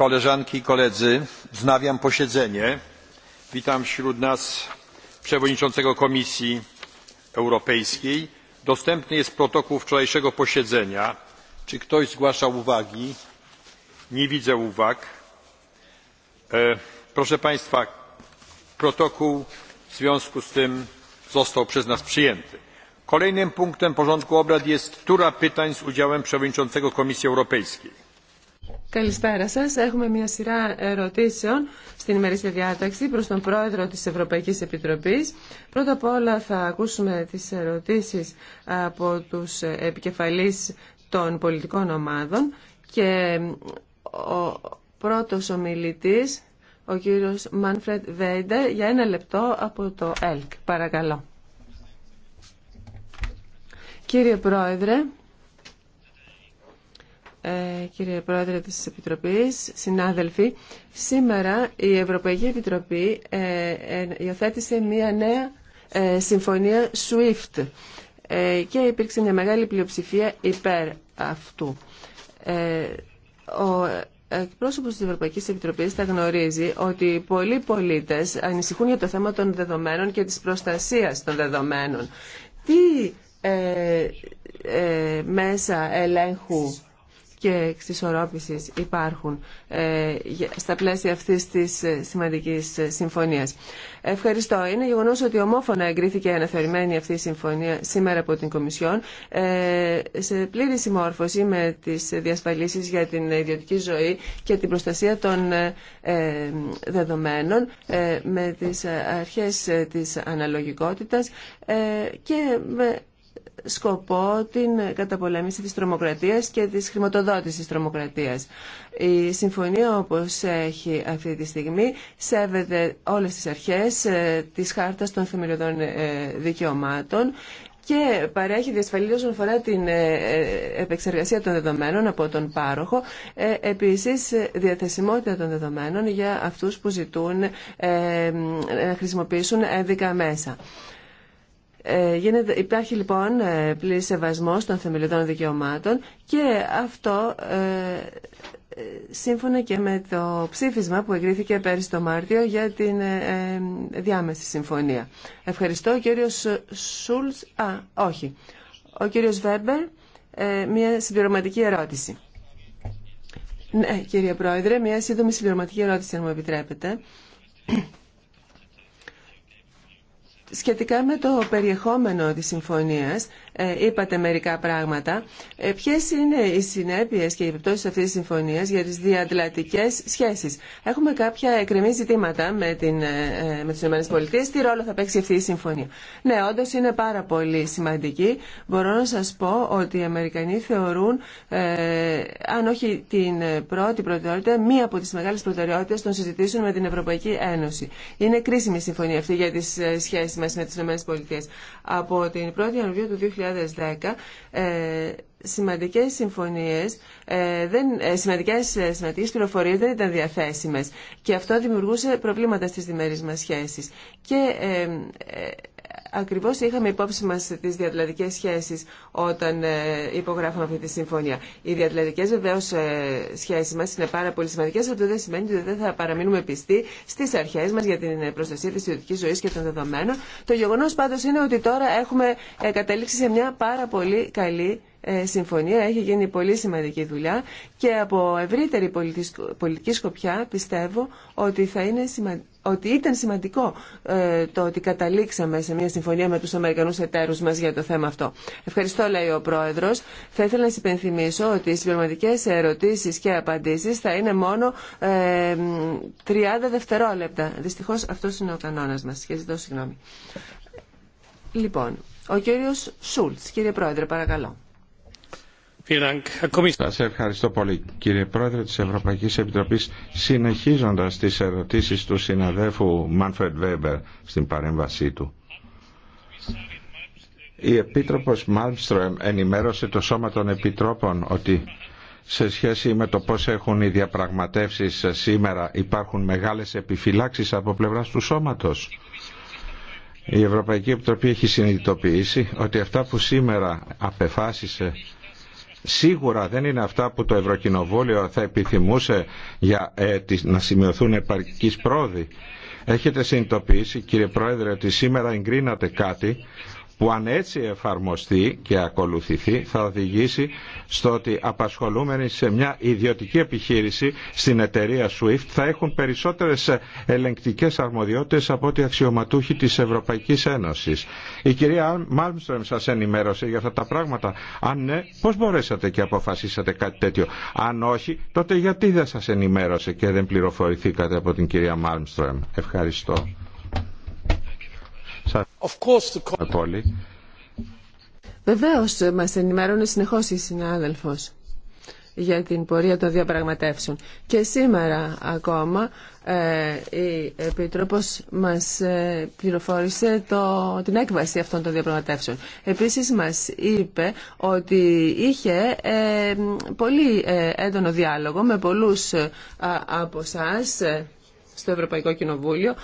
koleżanki i koledzy wznawiam posiedzenie witam wśród nas przewodniczącego komisji europejskiej dostępny jest protokół wczorajszego posiedzenia czy ktoś zgłasza uwagi nie widzę uwag proszę państwa protokół w związku z tym został przez nas przyjęty kolejnym punktem porządku obrad jest tura pytań z udziałem przewodniczącego komisji europejskiej Καλησπέρα σας. Έχουμε μια σειρά ερωτήσεων στην ημερήσια διάταξη προς τον Πρόεδρο της Ευρωπαϊκής Επιτροπής. Πρώτα απ' όλα θα ακούσουμε τις ερωτήσεις από τους επικεφαλής των πολιτικών ομάδων και ο πρώτος ομιλητής, ο κύριος Μάνφρετ Βέιντε, για ένα λεπτό από το ΕΛΚ. Παρακαλώ. Κύριε Πρόεδρε, ε, κύριε Πρόεδρε της Επιτροπής, συνάδελφοι. Σήμερα η Ευρωπαϊκή Επιτροπή ε, ε, υιοθέτησε μια νέα συμφωνία SWIFT και υπήρξε μια μεγάλη πλειοψηφία υπέρ αυτού. Ο εκπρόσωπος της Ευρωπαϊκής Επιτροπής θα γνωρίζει ότι πολλοί πολίτες ανησυχούν για το θέμα των δεδομένων και της προστασίας των δεδομένων. Τι μέσα ελέγχου και εξισορρόπησης υπάρχουν ε, στα πλαίσια αυτής της ε, σημαντικής ε, συμφωνίας. Ευχαριστώ. Είναι γεγονός ότι ομόφωνα εγκρίθηκε αναθεωρημένη αυτή συμφωνία σήμερα από την Κομισιόν σε πλήρη συμμόρφωση με τις διασφαλίσεις για την ιδιωτική ζωή και την προστασία των δεδομένων με τις αρχές της αναλογικότητας και σκοπό την καταπολέμηση της τρομοκρατίας και της χρηματοδότησης τρομοκρατίας. Η συμφωνία όπως έχει αυτή τη στιγμή σέβεται όλες τις αρχές ε, της Χάρτας των Θεμελιωδών ε, Δικαιωμάτων και παρέχει διασφαλή όσον αφορά την ε, επεξεργασία των δεδομένων από τον πάροχο, επίσης διαθεσιμότητα των δεδομένων για αυτούς που ζητούν να χρησιμοποιήσουν ένδικα μέσα. Ε, υπάρχει λοιπόν ε, πλήρης σεβασμός των θεμελιωδών δικαιωμάτων και αυτό ε, σύμφωνα και με το ψήφισμα που εγκρίθηκε πέρυσι το Μάρτιο για την διάμεση συμφωνία. Ευχαριστώ. Ο κύριος Σούλς, α, όχι. Ο κύριος Βέμπερ, μια συμπληρωματική ερώτηση. Ναι, κύριε Πρόεδρε, μια σύντομη συμπληρωματική ερώτηση, αν μου επιτρέπετε. Σχετικά με το περιεχόμενο της συμφωνίας, ε, είπατε μερικά πράγματα. Ε, ποιε είναι οι συνέπειε και οι επιπτώσει αυτή τη συμφωνία για τι διατλατικέ σχέσει. Έχουμε κάποια εκκρεμή ζητήματα με, την, ε, με τις ΗΠΑ. Τι ρόλο θα παίξει αυτή η συμφωνία. Ναι, όντω είναι πάρα πολύ σημαντική. Μπορώ να σα πω ότι οι Αμερικανοί θεωρούν, αν όχι την πρώτη προτεραιότητα, μία από τι μεγάλε προτεραιότητε των συζητήσεων με την Ευρωπαϊκή Ένωση. Είναι κρίσιμη η συμφωνία αυτή για τις σχέσει μα με τι ΗΠΑ. Από την 1η Ιανουαρίου 2010 ε, σημαντικές συμφωνίες, ε, δεν, ε, σημαντικές, σημαντικές πληροφορίες δεν ήταν διαθέσιμες και αυτό δημιουργούσε προβλήματα στις διμερείς μας σχέσεις. Και Ακριβώς είχαμε υπόψη μας τις διατλαντικές σχέσεις όταν ε, υπογράφαμε αυτή τη συμφωνία. Οι διατλαντικές βεβαίως ε, σχέσεις μας είναι πάρα πολύ σημαντικές, αυτό δεν σημαίνει ότι δεν θα παραμείνουμε πιστοί στις αρχές μας για την προστασία της ιδιωτικής ζωής και των δεδομένων. Το γεγονός πάντως είναι ότι τώρα έχουμε ε, καταλήξει σε μια πάρα πολύ καλή συμφωνία. Έχει γίνει πολύ σημαντική δουλειά και από ευρύτερη πολιτική σκοπιά πιστεύω ότι θα είναι σημαντική ότι ήταν σημαντικό ε, το ότι καταλήξαμε σε μια συμφωνία με τους Αμερικανούς εταίρους μας για το θέμα αυτό. Ευχαριστώ, λέει ο Πρόεδρος. Θα ήθελα να σας υπενθυμίσω ότι οι συμπληρωματικές ερωτήσεις και απαντήσεις θα είναι μόνο 30 ε, δευτερόλεπτα. Δυστυχώς αυτός είναι ο κανόνας μας και ζητώ συγγνώμη. Λοιπόν, ο κύριος Σούλτς. Κύριε Πρόεδρε, παρακαλώ. Σας ευχαριστώ πολύ κύριε Πρόεδρε της Ευρωπαϊκής Επιτροπής συνεχίζοντας τις ερωτήσεις του συναδέφου Μάνφρεντ Βέμπερ στην παρέμβασή του. Η Επίτροπος Μάλμστρομ ενημέρωσε το Σώμα των Επιτρόπων ότι σε σχέση με το πώς έχουν οι διαπραγματεύσεις σήμερα υπάρχουν μεγάλες επιφυλάξεις από πλευράς του Σώματος. Η Ευρωπαϊκή Επιτροπή έχει συνειδητοποιήσει ότι αυτά που σήμερα απεφάσισε σίγουρα δεν είναι αυτά που το Ευρωκοινοβούλιο θα επιθυμούσε για ε, να σημειωθούν επαρκής πρόοδοι. Έχετε συνειδητοποιήσει κύριε Πρόεδρε ότι σήμερα εγκρίνατε κάτι που αν έτσι εφαρμοστεί και ακολουθηθεί θα οδηγήσει στο ότι απασχολούμενοι σε μια ιδιωτική επιχείρηση στην εταιρεία SWIFT θα έχουν περισσότερες ελεγκτικές αρμοδιότητες από ό,τι αξιωματούχοι της Ευρωπαϊκής Ένωσης. Η κυρία Μάλμστρομ σας ενημέρωσε για αυτά τα πράγματα. Αν ναι, πώς μπορέσατε και αποφασίσατε κάτι τέτοιο. Αν όχι, τότε γιατί δεν σας ενημέρωσε και δεν πληροφορηθήκατε από την κυρία Μάλμστρομ. Ευχαριστώ. Βεβαίω Βεβαίως μας ενημερώνει συνεχώς η συνάδελφος για την πορεία των διαπραγματεύσεων. Και σήμερα ακόμα ε, η Επίτροπος μας ε, πληροφόρησε το, την έκβαση αυτών των διαπραγματεύσεων. Επίσης μας είπε ότι είχε ε, πολύ έντονο διάλογο με πολλούς από εσά στο Ευρωπαϊκό Κοινοβούλιο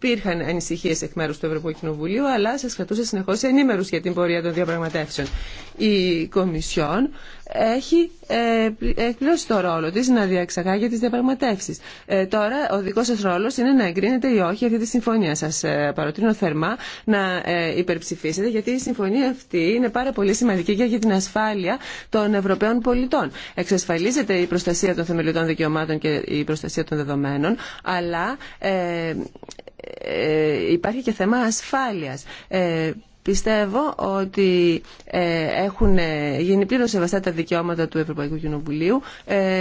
υπήρχαν ανησυχίε εκ μέρου του Ευρωπαϊκού Κοινοβουλίου, αλλά σα κρατούσε συνεχώ ενήμερου για την πορεία των διαπραγματεύσεων. Η Κομισιόν έχει ε, εκπληρώσει το ρόλο τη να διαξαγάγει τι διαπραγματεύσει. Ε, τώρα, ο δικό σα ρόλο είναι να εγκρίνετε ή όχι αυτή τη συμφωνία. Σα ε, παροτρύνω θερμά να ε, υπερψηφίσετε, γιατί η συμφωνία αυτή είναι πάρα πολύ σημαντική και για την ασφάλεια των Ευρωπαίων πολιτών. Εξασφαλίζεται η προστασία των θεμελιωτών δικαιωμάτων και η προστασία των δεδομένων, αλλά ε, ε, υπάρχει και θέμα ασφάλειας. Ε, πιστεύω ότι ε, έχουν γίνει πλήρω σεβαστά τα δικαιώματα του Ευρωπαϊκού Κοινοβουλίου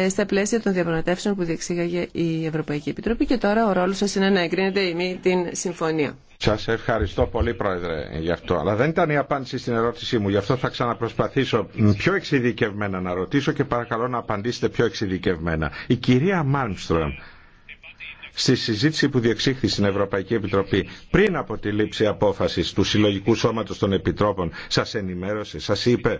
στα πλαίσια των διαπραγματεύσεων που διεξήγαγε η Ευρωπαϊκή Επιτροπή και τώρα ο ρόλος σας είναι να εγκρίνετε ή μη την συμφωνία. Σα ευχαριστώ πολύ, Πρόεδρε, γι' αυτό. Αλλά δεν ήταν η απάντηση στην ερώτησή μου. Γι' αυτό θα ξαναπροσπαθήσω πιο εξειδικευμένα να ρωτήσω και παρακαλώ να απαντήσετε πιο εξειδικευμένα. Η κυρία Μάλμστρομ στη συζήτηση που διεξήχθη στην Ευρωπαϊκή Επιτροπή πριν από τη λήψη απόφαση του Συλλογικού Σώματο των Επιτρόπων, σα ενημέρωσε, σα είπε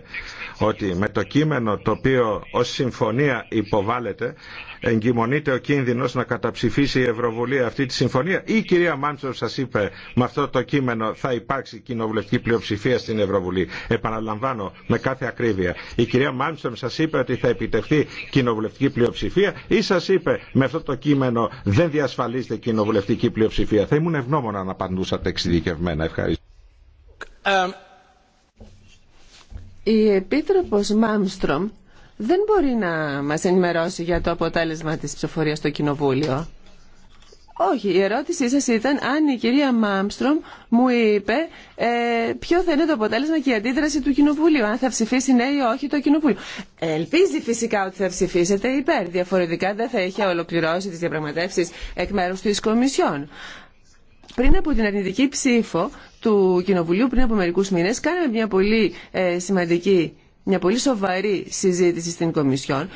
ότι με το κείμενο το οποίο ω συμφωνία υποβάλλεται εγκυμονείται ο κίνδυνος να καταψηφίσει η Ευρωβουλή αυτή τη συμφωνία ή η κυρία Μάντσορ σας είπε με αυτό το κείμενο θα υπάρξει κοινοβουλευτική πλειοψηφία στην Ευρωβουλή. Επαναλαμβάνω με κάθε ακρίβεια. Η κυρία Μάντσορ σας είπε ότι θα επιτευχθεί κοινοβουλευτική πλειοψηφία ή σας είπε με αυτό το κείμενο δεν διασφαλίζεται κοινοβουλευτική πλειοψηφία. Θα ήμουν ευγνώμων αν απαντούσατε εξειδικευμένα. Ευχαριστώ. Ε, η Επίτροπος Μάμστρομ δεν μπορεί να μας ενημερώσει για το αποτέλεσμα της ψηφοφορίας στο Κοινοβούλιο. Όχι, η ερώτησή σας ήταν αν η κυρία Μάμστρομ μου είπε ε, ποιο θα είναι το αποτέλεσμα και η αντίδραση του Κοινοβουλίου, αν θα ψηφίσει ναι ή όχι το Κοινοβούλιο. Ελπίζει φυσικά ότι θα ψηφίσετε υπέρ, διαφορετικά δεν θα είχε ολοκληρώσει τις διαπραγματεύσεις εκ μέρους της Κομισιόν. Πριν από την αρνητική ψήφο του Κοινοβουλίου, πριν από μερικούς μήνες, κάναμε μια πολύ ε, σημαντική μια πολύ σοβαρή συζήτηση στην Κομισιόν.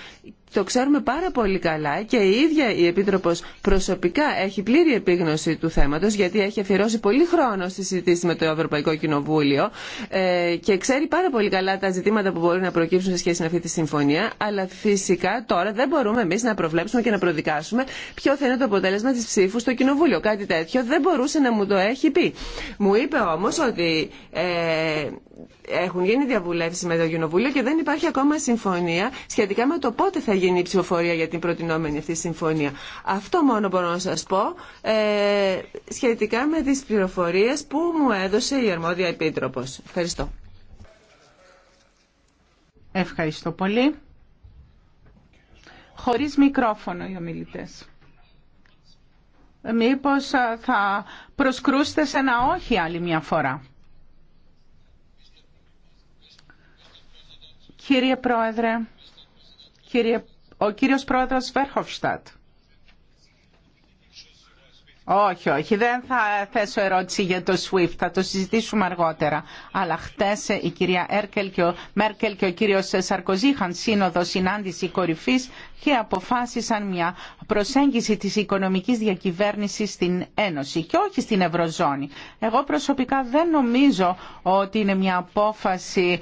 Το ξέρουμε πάρα πολύ καλά και η ίδια η επίτροπο προσωπικά έχει πλήρη επίγνωση του θέματο, γιατί έχει αφιερώσει πολύ χρόνο στη συζήτηση με το Ευρωπαϊκό Κοινοβούλιο ε, και ξέρει πάρα πολύ καλά τα ζητήματα που μπορεί να προκύψουν σε σχέση με αυτή τη συμφωνία αλλά φυσικά τώρα δεν μπορούμε εμεί να προβλέψουμε και να προδικάσουμε ποιο θα είναι το αποτέλεσμα τη ψήφου στο Κοινοβούλιο. Κάτι τέτοιο δεν μπορούσε να μου το έχει πει. Μου είπε όμω ότι ε, έχουν γίνει διαβουλεύσει με το γενοβούλιο και δεν υπάρχει ακόμα συμφωνία σχετικά με το πότε θα γίνει η ψηφοφορία για την προτινόμενη αυτή συμφωνία. Αυτό μόνο μπορώ να σας πω ε, σχετικά με τις πληροφορίε που μου έδωσε η αρμόδια επίτροπο. Ευχαριστώ. Ευχαριστώ πολύ. Χωρίς μικρόφωνο οι ομιλητέ. Μήπως ε, θα προσκρούστε σε ένα όχι άλλη μια φορά. Κύριε Πρόεδρε, ο κύριος Πρόεδρος Βέρχοφστατ. Όχι, όχι, δεν θα θέσω ερώτηση για το SWIFT, θα το συζητήσουμε αργότερα. Αλλά χτες η κυρία Έρκελ Μέρκελ και ο κύριος Σαρκοζή είχαν σύνοδο συνάντηση κορυφή και αποφάσισαν μια προσέγγιση της οικονομικής διακυβέρνησης στην Ένωση και όχι στην Ευρωζώνη. Εγώ προσωπικά δεν νομίζω ότι είναι μια απόφαση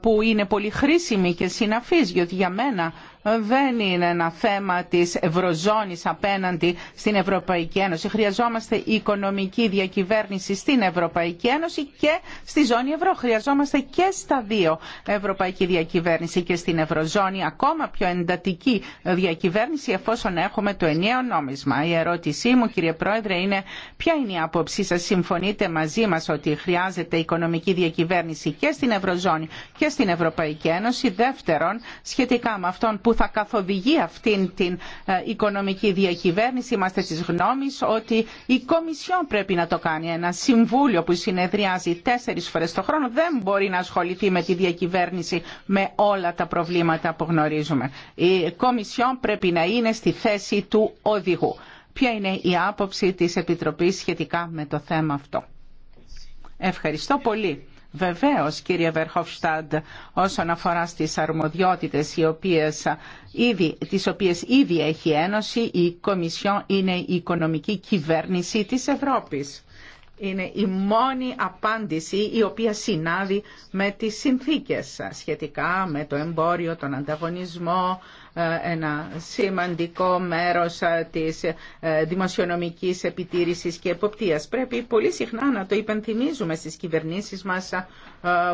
που είναι πολύ χρήσιμη και συναφή, γιατί για μένα δεν είναι ένα θέμα της Ευρωζώνης απέναντι στην Ευρωπαϊκή Ένωση. Χρειαζόμαστε οικονομική διακυβέρνηση στην Ευρωπαϊκή Ένωση και στη ζώνη ευρώ. Χρειαζόμαστε και στα δύο ευρωπαϊκή διακυβέρνηση και στην Ευρωζώνη ακόμα πιο εντατική διακυβέρνηση εφόσον έχουμε το ενιαίο νόμισμα. Η ερώτησή μου κύριε Πρόεδρε είναι ποια είναι η άποψή σας. Συμφωνείτε μαζί μας ότι χρειάζεται οικονομική διακυβέρνηση και στην Ευρωζώνη και στην Ευρωπαϊκή Ένωση. Δεύτερον, σχετικά με αυτόν που θα καθοδηγεί αυτήν την ε, οικονομική διακυβέρνηση. Είμαστε τη γνώμη ότι η Κομισιόν πρέπει να το κάνει. Ένα συμβούλιο που συνεδριάζει τέσσερι φορέ το χρόνο δεν μπορεί να ασχοληθεί με τη διακυβέρνηση με όλα τα προβλήματα που γνωρίζουμε. Η Κομισιόν πρέπει να είναι στη θέση του οδηγού. Ποια είναι η άποψη της Επιτροπής σχετικά με το θέμα αυτό. Ευχαριστώ πολύ. Βεβαίως, κύριε Βερχοφστάντ, όσον αφορά στις αρμοδιότητες οι οποίες ήδη, τις οποίες έχει ένωση, η Κομισιόν είναι η οικονομική κυβέρνηση της Ευρώπης. Είναι η μόνη απάντηση η οποία συνάδει με τις συνθήκες σχετικά με το εμπόριο, τον ανταγωνισμό, ε, ένα σημαντικό μέρος ε, της ε, δημοσιονομικής επιτήρησης και εποπτείας. Πρέπει πολύ συχνά να το υπενθυμίζουμε στις κυβερνήσεις μας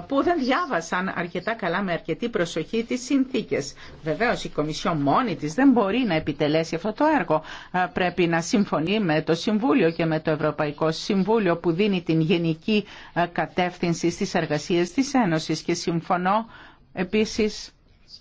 που δεν διάβασαν αρκετά καλά με αρκετή προσοχή τις συνθήκες. Βεβαίως η Κομισιό μόνη της δεν μπορεί να επιτελέσει αυτό το έργο. Πρέπει να συμφωνεί με το Συμβούλιο και με το Ευρωπαϊκό Συμβούλιο που δίνει την γενική κατεύθυνση στις εργασίες της Ένωσης και συμφωνώ επίσης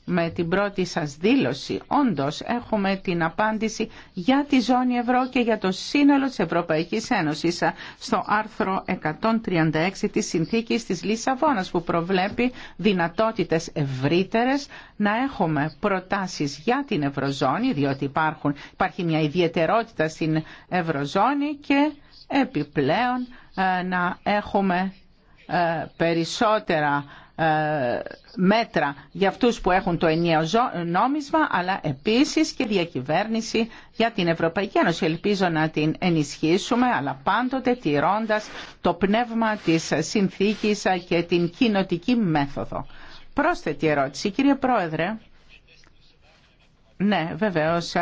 με την πρώτη σας δήλωση, όντως έχουμε την απάντηση για τη ζώνη ευρώ και για το σύνολο της Ευρωπαϊκής Ένωσης ε, στο άρθρο 136 της Συνθήκης της Λισαβόνας που προβλέπει δυνατότητες ευρύτερες να έχουμε προτάσεις για την Ευρωζώνη διότι υπάρχουν, υπάρχει μια ιδιαιτερότητα στην Ευρωζώνη και επιπλέον ε, να έχουμε ε, περισσότερα ε, μέτρα για αυτούς που έχουν το ενιαίο νόμισμα, αλλά επίσης και διακυβέρνηση για την Ευρωπαϊκή Ένωση. Ελπίζω να την ενισχύσουμε, αλλά πάντοτε τηρώντας το πνεύμα της συνθήκης και την κοινοτική μέθοδο. Πρόσθετη ερώτηση, κύριε Πρόεδρε. Ναι, βεβαίως.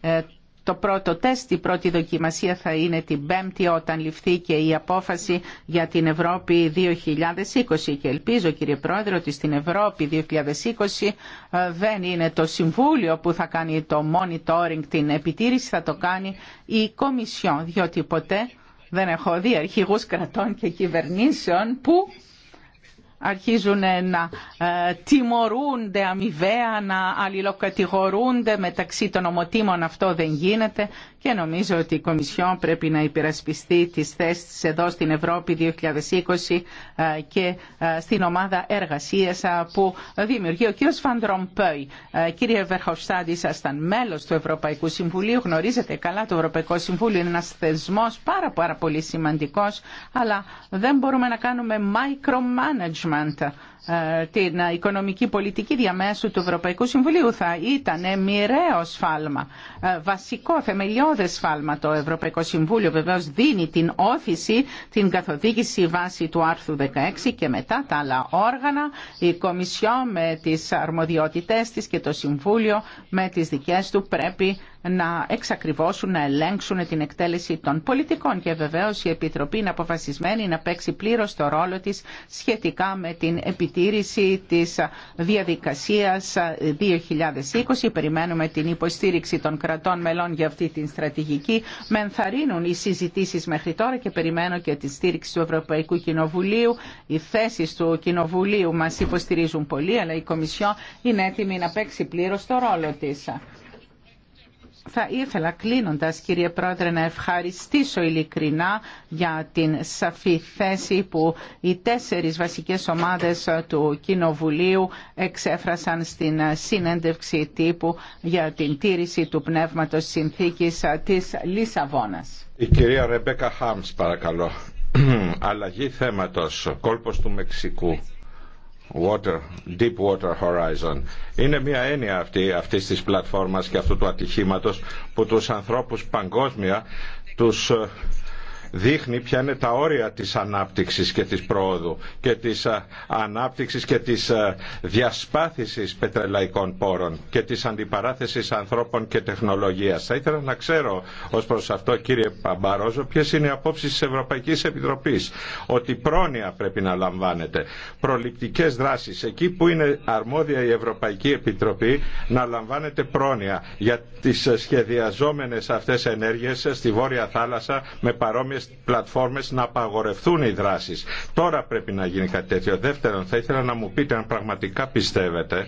Ε, το πρώτο τεστ, η πρώτη δοκιμασία θα είναι την Πέμπτη όταν ληφθεί και η απόφαση για την Ευρώπη 2020 και ελπίζω κύριε Πρόεδρε ότι στην Ευρώπη 2020 ε, δεν είναι το Συμβούλιο που θα κάνει το monitoring, την επιτήρηση θα το κάνει η Κομισιόν διότι ποτέ δεν έχω δει αρχηγούς κρατών και κυβερνήσεων που αρχίζουν να ε, τιμωρούνται αμοιβαία, να αλληλοκατηγορούνται μεταξύ των ομοτήμων. Αυτό δεν γίνεται και νομίζω ότι η Κομισιόν πρέπει να υπερασπιστεί τις θέσεις εδώ στην Ευρώπη 2020 ε, και ε, στην ομάδα εργασίας ε, που δημιουργεί ο κ. Φαντρομπέι. Κύριε Βερχοφστάντη, ήσασταν μέλος του Ευρωπαϊκού Συμβουλίου, γνωρίζετε καλά το Ευρωπαϊκό Συμβούλιο είναι ένας θεσμός πάρα, πάρα πολύ σημαντικός, αλλά δεν μπορούμε να κάνουμε micromanagement ε, την οικονομική πολιτική διαμέσου του Ευρωπαϊκού Συμβουλίου θα ήταν μοιραίο σφάλμα, ε, βασικό θεμελιώδες σφάλμα το Ευρωπαϊκό Συμβούλιο βεβαίως δίνει την όθηση, την καθοδήγηση βάση του άρθρου 16 και μετά τα άλλα όργανα, η Κομισιό με τις αρμοδιότητές της και το Συμβούλιο με τις δικές του πρέπει να εξακριβώσουν, να ελέγξουν την εκτέλεση των πολιτικών και βεβαίω η Επιτροπή είναι αποφασισμένη να παίξει πλήρω το ρόλο τη σχετικά με την επιτήρηση τη διαδικασία 2020. Περιμένουμε την υποστήριξη των κρατών μελών για αυτή την στρατηγική. Με ενθαρρύνουν οι συζητήσει μέχρι τώρα και περιμένω και τη στήριξη του Ευρωπαϊκού Κοινοβουλίου. Οι θέσει του Κοινοβουλίου μα υποστηρίζουν πολύ, αλλά η Κομισιό είναι έτοιμη να παίξει πλήρω το ρόλο της. Θα ήθελα κλείνοντας κύριε Πρόεδρε να ευχαριστήσω ειλικρινά για την σαφή θέση που οι τέσσερις βασικές ομάδες του Κοινοβουλίου εξέφρασαν στην συνέντευξη τύπου για την τήρηση του πνεύματος συνθήκης της Λισαβόνας. Η κυρία Ρεμπέκα Χάμς παρακαλώ. Αλλαγή θέματος, κόλπος του Μεξικού. Water, Deep Water Horizon. Είναι μια έννοια αυτή αυτής της πλατφόρμας και αυτού του ατυχήματος που τους ανθρώπους παγκόσμια τους ε, δείχνει ποια είναι τα όρια της ανάπτυξης και της πρόοδου και της ανάπτυξης και της διασπάθησης πετρελαϊκών πόρων και της αντιπαράθεσης ανθρώπων και τεχνολογίας. Θα ήθελα να ξέρω ως προς αυτό κύριε Παμπαρόζο ποιες είναι οι απόψεις της Ευρωπαϊκής Επιτροπής ότι πρόνοια πρέπει να λαμβάνεται προληπτικές δράσεις εκεί που είναι αρμόδια η Ευρωπαϊκή Επιτροπή να λαμβάνεται πρόνοια για τις σχεδιαζόμενες αυτές ενέργειες στη Βόρεια Θάλασσα με παρόμοιες πλατφόρμες να απαγορευτούν οι δράσεις. Τώρα πρέπει να γίνει κάτι τέτοιο. Δεύτερον, θα ήθελα να μου πείτε αν πραγματικά πιστεύετε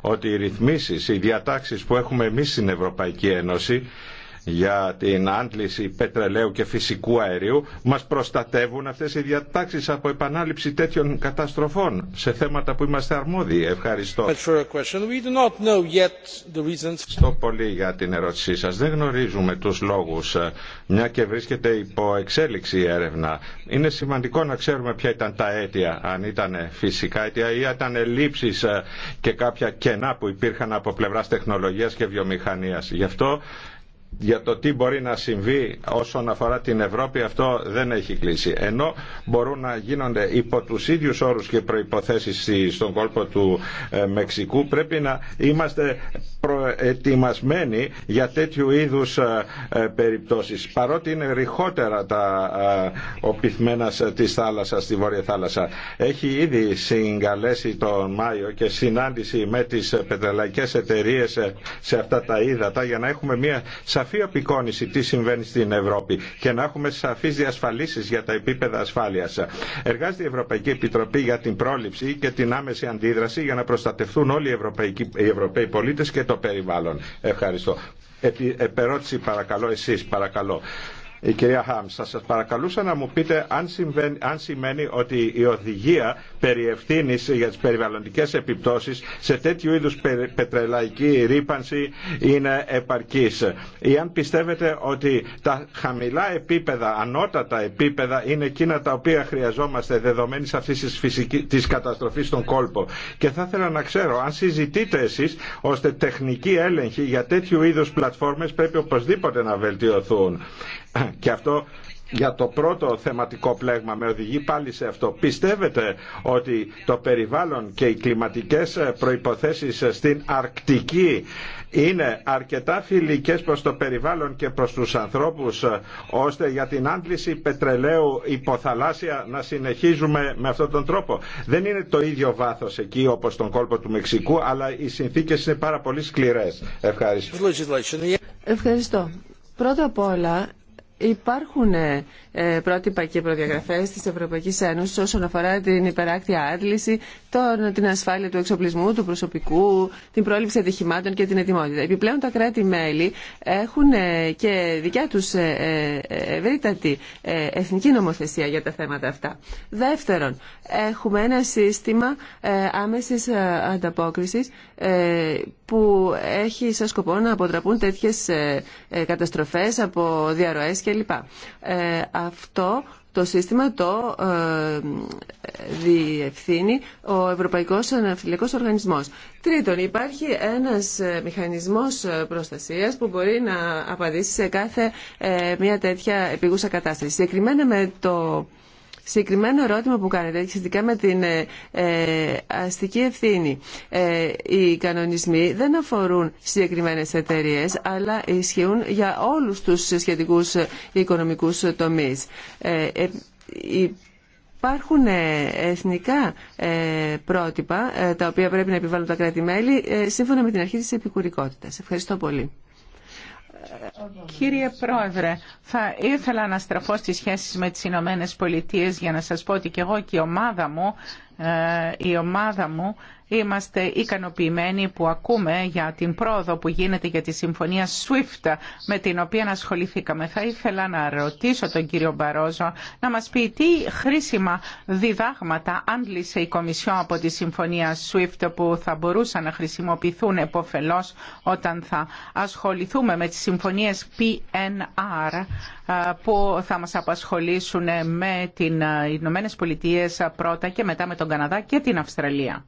ότι οι ρυθμίσεις, οι διατάξεις που έχουμε εμείς στην Ευρωπαϊκή Ένωση για την άντληση πετρελαίου και φυσικού αερίου μας προστατεύουν αυτές οι διατάξεις από επανάληψη τέτοιων καταστροφών σε θέματα που είμαστε αρμόδιοι. Ευχαριστώ. Στο πολύ για την ερώτησή σας. Δεν γνωρίζουμε τους λόγους ε, μια και βρίσκεται υπό εξέλιξη η έρευνα. Είναι σημαντικό να ξέρουμε ποια ήταν τα αίτια, αν ήταν φυσικά αίτια ή ήταν λήψεις ε, και κάποια κενά που υπήρχαν από πλευράς τεχνολογίας και βιομηχανίας. Γι' αυτό για το τι μπορεί να συμβεί όσον αφορά την Ευρώπη αυτό δεν έχει κλείσει. Ενώ μπορούν να γίνονται υπό τους ίδιους όρους και προϋποθέσεις στον κόλπο του ε, Μεξικού πρέπει να είμαστε προετοιμασμένοι για τέτοιου είδους ε, ε, περιπτώσεις. Παρότι είναι ρηχότερα τα οπιθμένα της θάλασσας, στη Βόρεια Θάλασσα. Έχει ήδη συγκαλέσει τον Μάιο και συνάντηση με τις πετρελαϊκές εταιρείες σε αυτά τα ύδατα για να έχουμε μια σαφή απεικόνηση τι συμβαίνει στην Ευρώπη και να έχουμε σαφεί διασφαλίσει για τα επίπεδα ασφάλεια. Εργάζεται η Ευρωπαϊκή Επιτροπή για την πρόληψη και την άμεση αντίδραση για να προστατευτούν όλοι οι, Ευρωπαϊκοί, οι Ευρωπαίοι πολίτε και το περιβάλλον. Ευχαριστώ. Επερώτηση παρακαλώ εσείς, παρακαλώ. Η ε, κυρία Χάμ, θα σας παρακαλούσα να μου πείτε αν, σημαίνει ότι η οδηγία περί για τις περιβαλλοντικές επιπτώσεις σε τέτοιου είδους πετρελαϊκή ρήπανση είναι επαρκής. Ή αν πιστεύετε ότι τα χαμηλά επίπεδα, ανώτατα επίπεδα είναι εκείνα τα οποία χρειαζόμαστε δεδομένης αυτής της, καταστροφή της καταστροφής στον κόλπο. Και θα ήθελα να ξέρω αν συζητείτε εσείς ώστε τεχνική έλεγχη για τέτοιου είδους πλατφόρμες πρέπει οπωσδήποτε να βελτιωθούν. Και αυτό για το πρώτο θεματικό πλέγμα με οδηγεί πάλι σε αυτό. Πιστεύετε ότι το περιβάλλον και οι κλιματικές προϋποθέσεις στην Αρκτική είναι αρκετά φιλικές προς το περιβάλλον και προς τους ανθρώπους ώστε για την άντληση πετρελαίου υποθαλάσσια να συνεχίζουμε με αυτόν τον τρόπο. Δεν είναι το ίδιο βάθος εκεί όπως στον κόλπο του Μεξικού αλλά οι συνθήκες είναι πάρα πολύ σκληρές. Ευχαριστώ. Ευχαριστώ. Πρώτα απ' όλα Υπάρχουν ε, ε, πρότυπα και προδιαγραφές της Ευρωπαϊκής Ένωσης όσον αφορά την υπεράκτη άντληση, τον, την ασφάλεια του εξοπλισμού, του προσωπικού, την πρόληψη ατυχημάτων και την ετοιμότητα. Επιπλέον τα κράτη-μέλη έχουν ε, και δικιά τους ε, ε, ευρύτατη εθνική νομοθεσία για τα θέματα αυτά. Δεύτερον, έχουμε ένα σύστημα άμεσης ανταπόκρισης που έχει σαν σκοπό να αποτραπούν τέτοιες καταστροφές από διαρροές κλπ. Αυτό το σύστημα το ε, διευθύνει ο Ευρωπαϊκός Αναφυλιακός Οργανισμός. Τρίτον, υπάρχει ένας ε, μηχανισμός ε, προστασίας που μπορεί να απαντήσει σε κάθε μια τέτοια επίγουσα κατάσταση. Συγκεκριμένα με το Συγκεκριμένο ερώτημα που κάνετε σχετικά με την ε, ε, αστική ευθύνη. Ε, οι κανονισμοί δεν αφορούν συγκεκριμένες εταιρείε, αλλά ισχύουν για όλους τους σχετικούς οικονομικούς τομείς. Υπάρχουν εθνικά πρότυπα τα οποία πρέπει να επιβάλλουν τα κράτη-μέλη σύμφωνα με την αρχή της επικουρικότητας. Ευχαριστώ πολύ. Κύριε Πρόεδρε, θα ήθελα να στραφώ στις σχέσεις με τις Ηνωμένε Πολιτείες για να σας πω ότι και εγώ και η ομάδα μου, ε, η ομάδα μου Είμαστε ικανοποιημένοι που ακούμε για την πρόοδο που γίνεται για τη συμφωνία SWIFT με την οποία ασχοληθήκαμε. Θα ήθελα να ρωτήσω τον κύριο Μπαρόζο να μας πει τι χρήσιμα διδάγματα άντλησε η Κομισιό από τη συμφωνία SWIFT που θα μπορούσαν να χρησιμοποιηθούν επωφελώς όταν θα ασχοληθούμε με τις συμφωνίες PNR που θα μας απασχολήσουν με τις ε, Ηνωμένε Πολιτείες πρώτα και μετά με τον Καναδά και την Αυστραλία.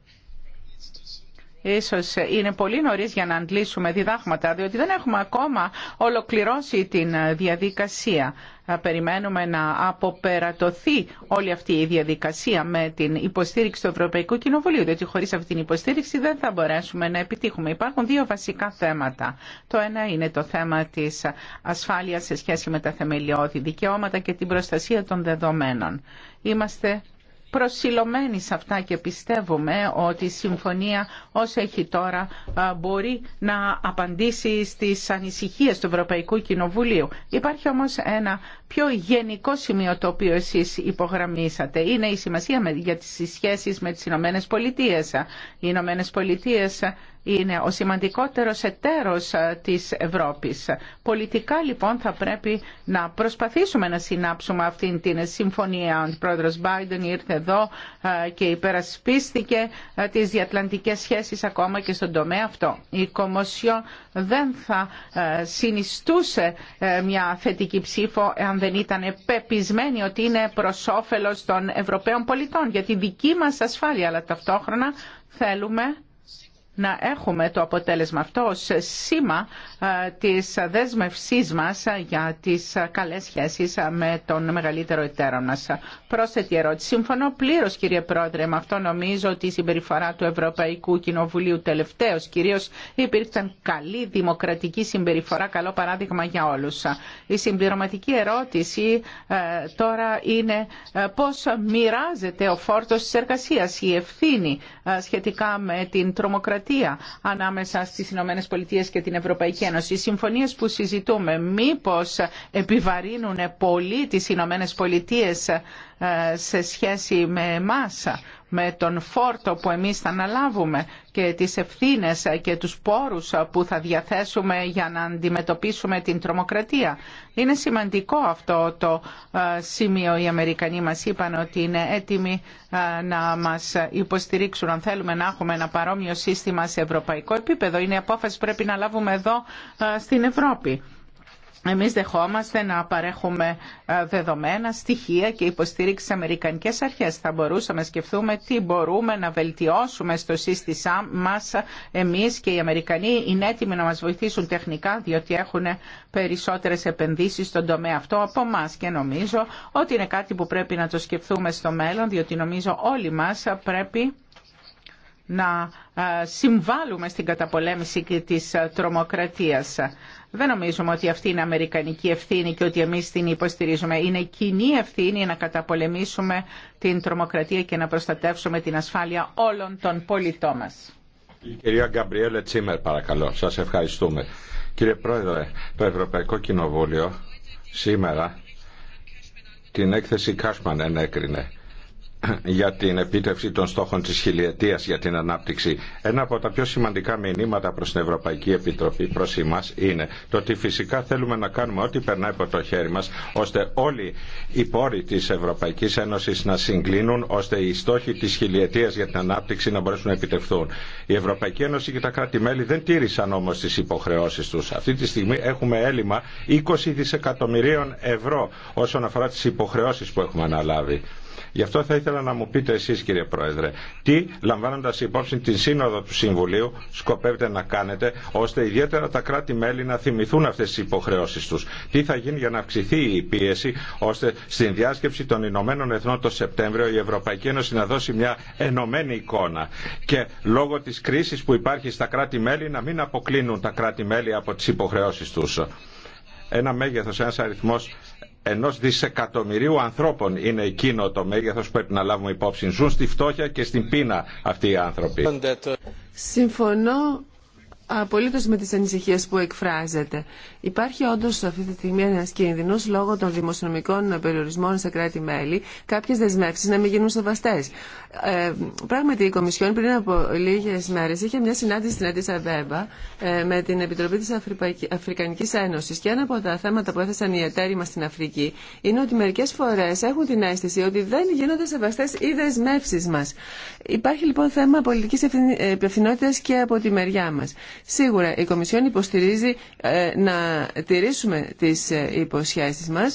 Ίσως είναι πολύ νωρίς για να αντλήσουμε διδάγματα, διότι δεν έχουμε ακόμα ολοκληρώσει την διαδικασία. Περιμένουμε να αποπερατωθεί όλη αυτή η διαδικασία με την υποστήριξη του Ευρωπαϊκού Κοινοβουλίου, διότι χωρίς αυτή την υποστήριξη δεν θα μπορέσουμε να επιτύχουμε. Υπάρχουν δύο βασικά θέματα. Το ένα είναι το θέμα της ασφάλειας σε σχέση με τα θεμελιώδη δικαιώματα και την προστασία των δεδομένων. Είμαστε προσιλωμένη σε αυτά και πιστεύουμε ότι η συμφωνία όσο έχει τώρα μπορεί να απαντήσει στις ανησυχίες του Ευρωπαϊκού Κοινοβουλίου. Υπάρχει όμως ένα πιο γενικό σημείο το οποίο εσείς υπογραμμίσατε. Είναι η σημασία για τις σχέσεις με τις Ηνωμένε Πολιτείες. Οι Ηνωμένε Πολιτείες είναι ο σημαντικότερος εταίρος ε, της Ευρώπης. Πολιτικά λοιπόν θα πρέπει να προσπαθήσουμε να συνάψουμε αυτήν την συμφωνία. Ο πρόεδρος Biden ήρθε εδώ ε, και υπερασπίστηκε ε, τις διατλαντικές σχέσεις ακόμα και στον τομέα αυτό. Η Κομοσιό δεν θα συνιστούσε μια θετική ψήφο αν δεν ήταν πεπισμένη ότι είναι προς όφελος των Ευρωπαίων πολιτών για τη δική μας ασφάλεια αλλά ταυτόχρονα θέλουμε να έχουμε το αποτέλεσμα αυτό ως σήμα ε, της δέσμευσής μας για τις καλές σχέσεις με τον μεγαλύτερο εταίρο μας. Πρόσθετη ερώτηση. Συμφωνώ πλήρως κύριε Πρόεδρε με αυτό νομίζω ότι η συμπεριφορά του Ευρωπαϊκού Κοινοβουλίου τελευταίως κυρίως υπήρξαν καλή δημοκρατική συμπεριφορά, καλό παράδειγμα για όλους. Η συμπληρωματική ερώτηση ε, τώρα είναι ε, πώς μοιράζεται ο φόρτος της εργασίας, η ευθύνη σχετικά με την τρομοκρατία ανάμεσα στις Ηνωμένε Πολιτείες και την Ευρωπαϊκή Ένωση. Οι συμφωνίες που συζητούμε μήπως επιβαρύνουν πολύ τις Ηνωμένε Πολιτείες ε, σε σχέση με εμά με τον φόρτο που εμείς θα αναλάβουμε και τις ευθύνες και τους πόρους που θα διαθέσουμε για να αντιμετωπίσουμε την τρομοκρατία. Είναι σημαντικό αυτό το ε, σημείο. Οι Αμερικανοί μας είπαν ότι είναι έτοιμοι ε, να μας υποστηρίξουν αν θέλουμε να έχουμε ένα παρόμοιο σύστημα σε ευρωπαϊκό επίπεδο. Είναι η απόφαση που πρέπει να λάβουμε εδώ ε, στην Ευρώπη. Εμείς δεχόμαστε να παρέχουμε ε, δεδομένα, στοιχεία και υποστήριξη στις Αμερικανικές αρχές. Θα μπορούσαμε να σκεφτούμε τι μπορούμε να βελτιώσουμε στο σύστημα μας εμείς και οι Αμερικανοί είναι έτοιμοι να μας βοηθήσουν τεχνικά διότι έχουν περισσότερες επενδύσεις στον τομέα αυτό από εμά και νομίζω ότι είναι κάτι που πρέπει να το σκεφτούμε στο μέλλον διότι νομίζω όλοι μας πρέπει να ε, συμβάλλουμε στην καταπολέμηση της τρομοκρατίας. Δεν νομίζουμε ότι αυτή είναι αμερικανική ευθύνη και ότι εμείς την υποστηρίζουμε. Είναι κοινή ευθύνη να καταπολεμήσουμε την τρομοκρατία και να προστατεύσουμε την ασφάλεια όλων των πολιτών μας. Η κυρία Γκαμπριέλε Τσίμερ παρακαλώ. Σας ευχαριστούμε. Κύριε Πρόεδρε, το Ευρωπαϊκό Κοινοβούλιο σήμερα την έκθεση Κάσμαν ενέκρινε για την επίτευξη των στόχων της χιλιετίας για την ανάπτυξη. Ένα από τα πιο σημαντικά μηνύματα προς την Ευρωπαϊκή Επιτροπή προς εμάς είναι το ότι φυσικά θέλουμε να κάνουμε ό,τι περνάει από το χέρι μας ώστε όλοι οι πόροι της Ευρωπαϊκής Ένωσης να συγκλίνουν ώστε οι στόχοι της χιλιετίας για την ανάπτυξη να μπορέσουν να επιτευχθούν. Η Ευρωπαϊκή Ένωση και τα κράτη-μέλη δεν τήρησαν όμως τις υποχρεώσεις τους. Αυτή τη στιγμή έχουμε έλλειμμα 20 δισεκατομμυρίων ευρώ όσον αφορά τις υποχρεώσεις που έχουμε αναλάβει. Γι' αυτό θα ήθελα να μου πείτε εσείς κύριε Πρόεδρε, τι λαμβάνοντας υπόψη την σύνοδο του Συμβουλίου σκοπεύετε να κάνετε ώστε ιδιαίτερα τα κράτη-μέλη να θυμηθούν αυτές τις υποχρεώσεις τους. Τι θα γίνει για να αυξηθεί η πίεση ώστε στην διάσκεψη των Ηνωμένων Εθνών το Σεπτέμβριο η Ευρωπαϊκή Ένωση να δώσει μια ενωμένη εικόνα και λόγω της κρίσης που υπάρχει στα κράτη-μέλη να μην αποκλίνουν τα κράτη-μέλη από τις υποχρεώσεις τους. Ένα μέγεθος, ένας αριθμός ενό δισεκατομμυρίου ανθρώπων είναι εκείνο το μέγεθο που πρέπει να λάβουμε υπόψη. Ζουν στη φτώχεια και στην πείνα αυτοί οι άνθρωποι. Συμφωνώ απολύτω με τι ανησυχίε που εκφράζεται. Υπάρχει όντω αυτή τη στιγμή ένα κίνδυνο λόγω των δημοσιονομικών περιορισμών σε κράτη-μέλη κάποιε δεσμεύσει να μην γίνουν σεβαστέ. Ε, πράγματι, η Κομισιόν πριν από λίγε μέρε είχε μια συνάντηση στην Αντίσα Βέμπα ε, με την Επιτροπή τη Αφρικανική Ένωση. Και ένα από τα θέματα που έθεσαν οι εταίροι μα στην Αφρική είναι ότι μερικέ φορέ έχουν την αίσθηση ότι δεν γίνονται σεβαστέ οι δεσμεύσει μα. Υπάρχει λοιπόν θέμα πολιτική ε, υπευθυνότητα και από τη μεριά μα. Σίγουρα η Κομισιόν υποστηρίζει ε, να τηρήσουμε τι υποσχέσει μα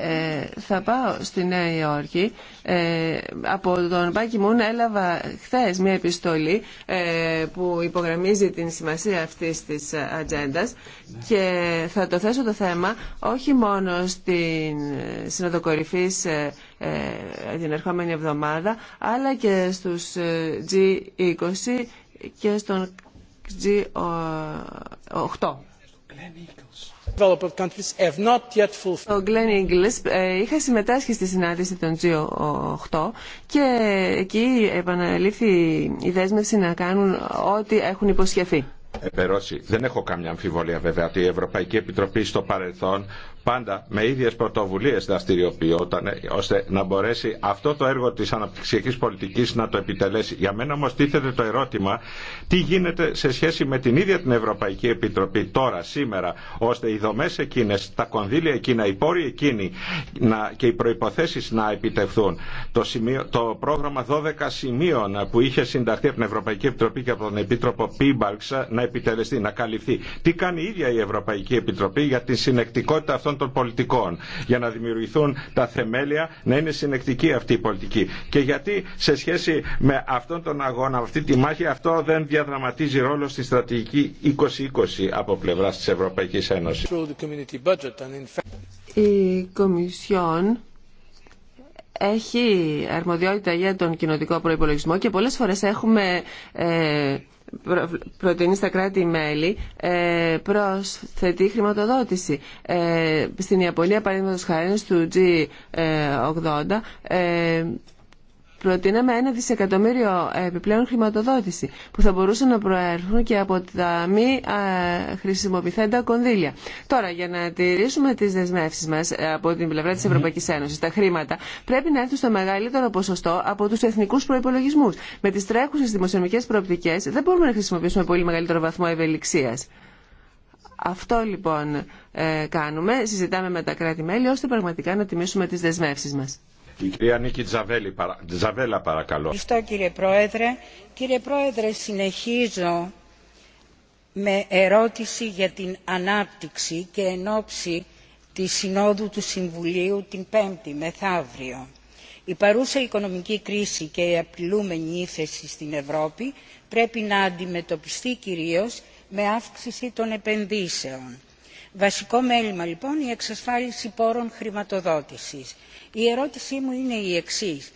ε, θα πάω στη Νέα Υόρκη. Ε, από τον Πάκη Μουν έλαβα χθες μια επιστολή ε, που υπογραμμίζει την σημασία αυτής της ατζέντα και θα το θέσω το θέμα όχι μόνο στην συνοδοκορυφή την ερχόμενη εβδομάδα αλλά και στους G20 και στον G8. Ο Γκλέν Ιγκλς είχα συμμετάσχει στη συνάντηση των G8 και εκεί επαναλήφθη η δέσμευση να κάνουν ό,τι έχουν υποσχεθεί. Ε, δεν έχω καμιά αμφιβολία βέβαια ότι η Ευρωπαϊκή Επιτροπή στο παρελθόν πάντα με ίδιες πρωτοβουλίε δραστηριοποιόταν ώστε να μπορέσει αυτό το έργο τη αναπτυξιακή πολιτική να το επιτελέσει. Για μένα όμως τίθεται το ερώτημα τι γίνεται σε σχέση με την ίδια την Ευρωπαϊκή Επιτροπή τώρα, σήμερα, ώστε οι δομέ εκείνες, τα κονδύλια εκείνα, οι πόροι εκείνοι να, και οι προποθέσει να επιτευχθούν. Το, σημείο, το πρόγραμμα 12 σημείων που είχε συνταχθεί από την Ευρωπαϊκή Επιτροπή και από τον Επίτροπο Πίμπαλξ να επιτελεστεί, να καλυφθεί. Τι κάνει η ίδια η Ευρωπαϊκή Επιτροπή για την συνεκτικότητα αυτών των πολιτικών. Για να δημιουργηθούν τα θεμέλια, να είναι συνεκτική αυτή η πολιτική. Και γιατί σε σχέση με αυτόν τον αγώνα, αυτή τη μάχη, αυτό δεν διαδραματίζει ρόλο στη στρατηγική 2020 από πλευρά τη Ευρωπαϊκή Ένωση. Η Κομισιόν έχει αρμοδιότητα για τον κοινοτικό προϋπολογισμό και πολλές φορές έχουμε ε, προτείνει στα κράτη-μέλη ε, προσθετή χρηματοδότηση. Ε, στην Ιαπωνία, παραδείγματος χάρη, του G80, ε, ε προτείναμε ένα δισεκατομμύριο επιπλέον χρηματοδότηση που θα μπορούσαν να προέρχουν και από τα μη χρησιμοποιηθέντα κονδύλια. Τώρα, για να τηρήσουμε τι δεσμεύσει μα ε, από την πλευρά τη Ευρωπαϊκή Ένωση, τα χρήματα πρέπει να έρθουν στο μεγαλύτερο ποσοστό από του εθνικού προπολογισμού. Με τι τρέχουσε δημοσιονομικέ προοπτικέ δεν μπορούμε να χρησιμοποιήσουμε πολύ μεγαλύτερο βαθμό ευελιξία. Αυτό λοιπόν ε, κάνουμε, συζητάμε με τα κράτη-μέλη ώστε πραγματικά να τιμήσουμε τις δεσμεύσεις μας παρακαλώ. Ευχαριστώ κύριε Πρόεδρε. Κύριε Πρόεδρε, συνεχίζω με ερώτηση για την ανάπτυξη και εν ώψη της Συνόδου του Συμβουλίου την Πέμπτη μεθαύριο. Η παρούσα οικονομική κρίση και η απειλούμενη ύφεση στην Ευρώπη πρέπει να αντιμετωπιστεί κυρίως με αύξηση των επενδύσεων Βασικό μέλημα λοιπόν η εξασφάλιση πόρων χρηματοδότησης. Η ερώτησή μου είναι η εξής.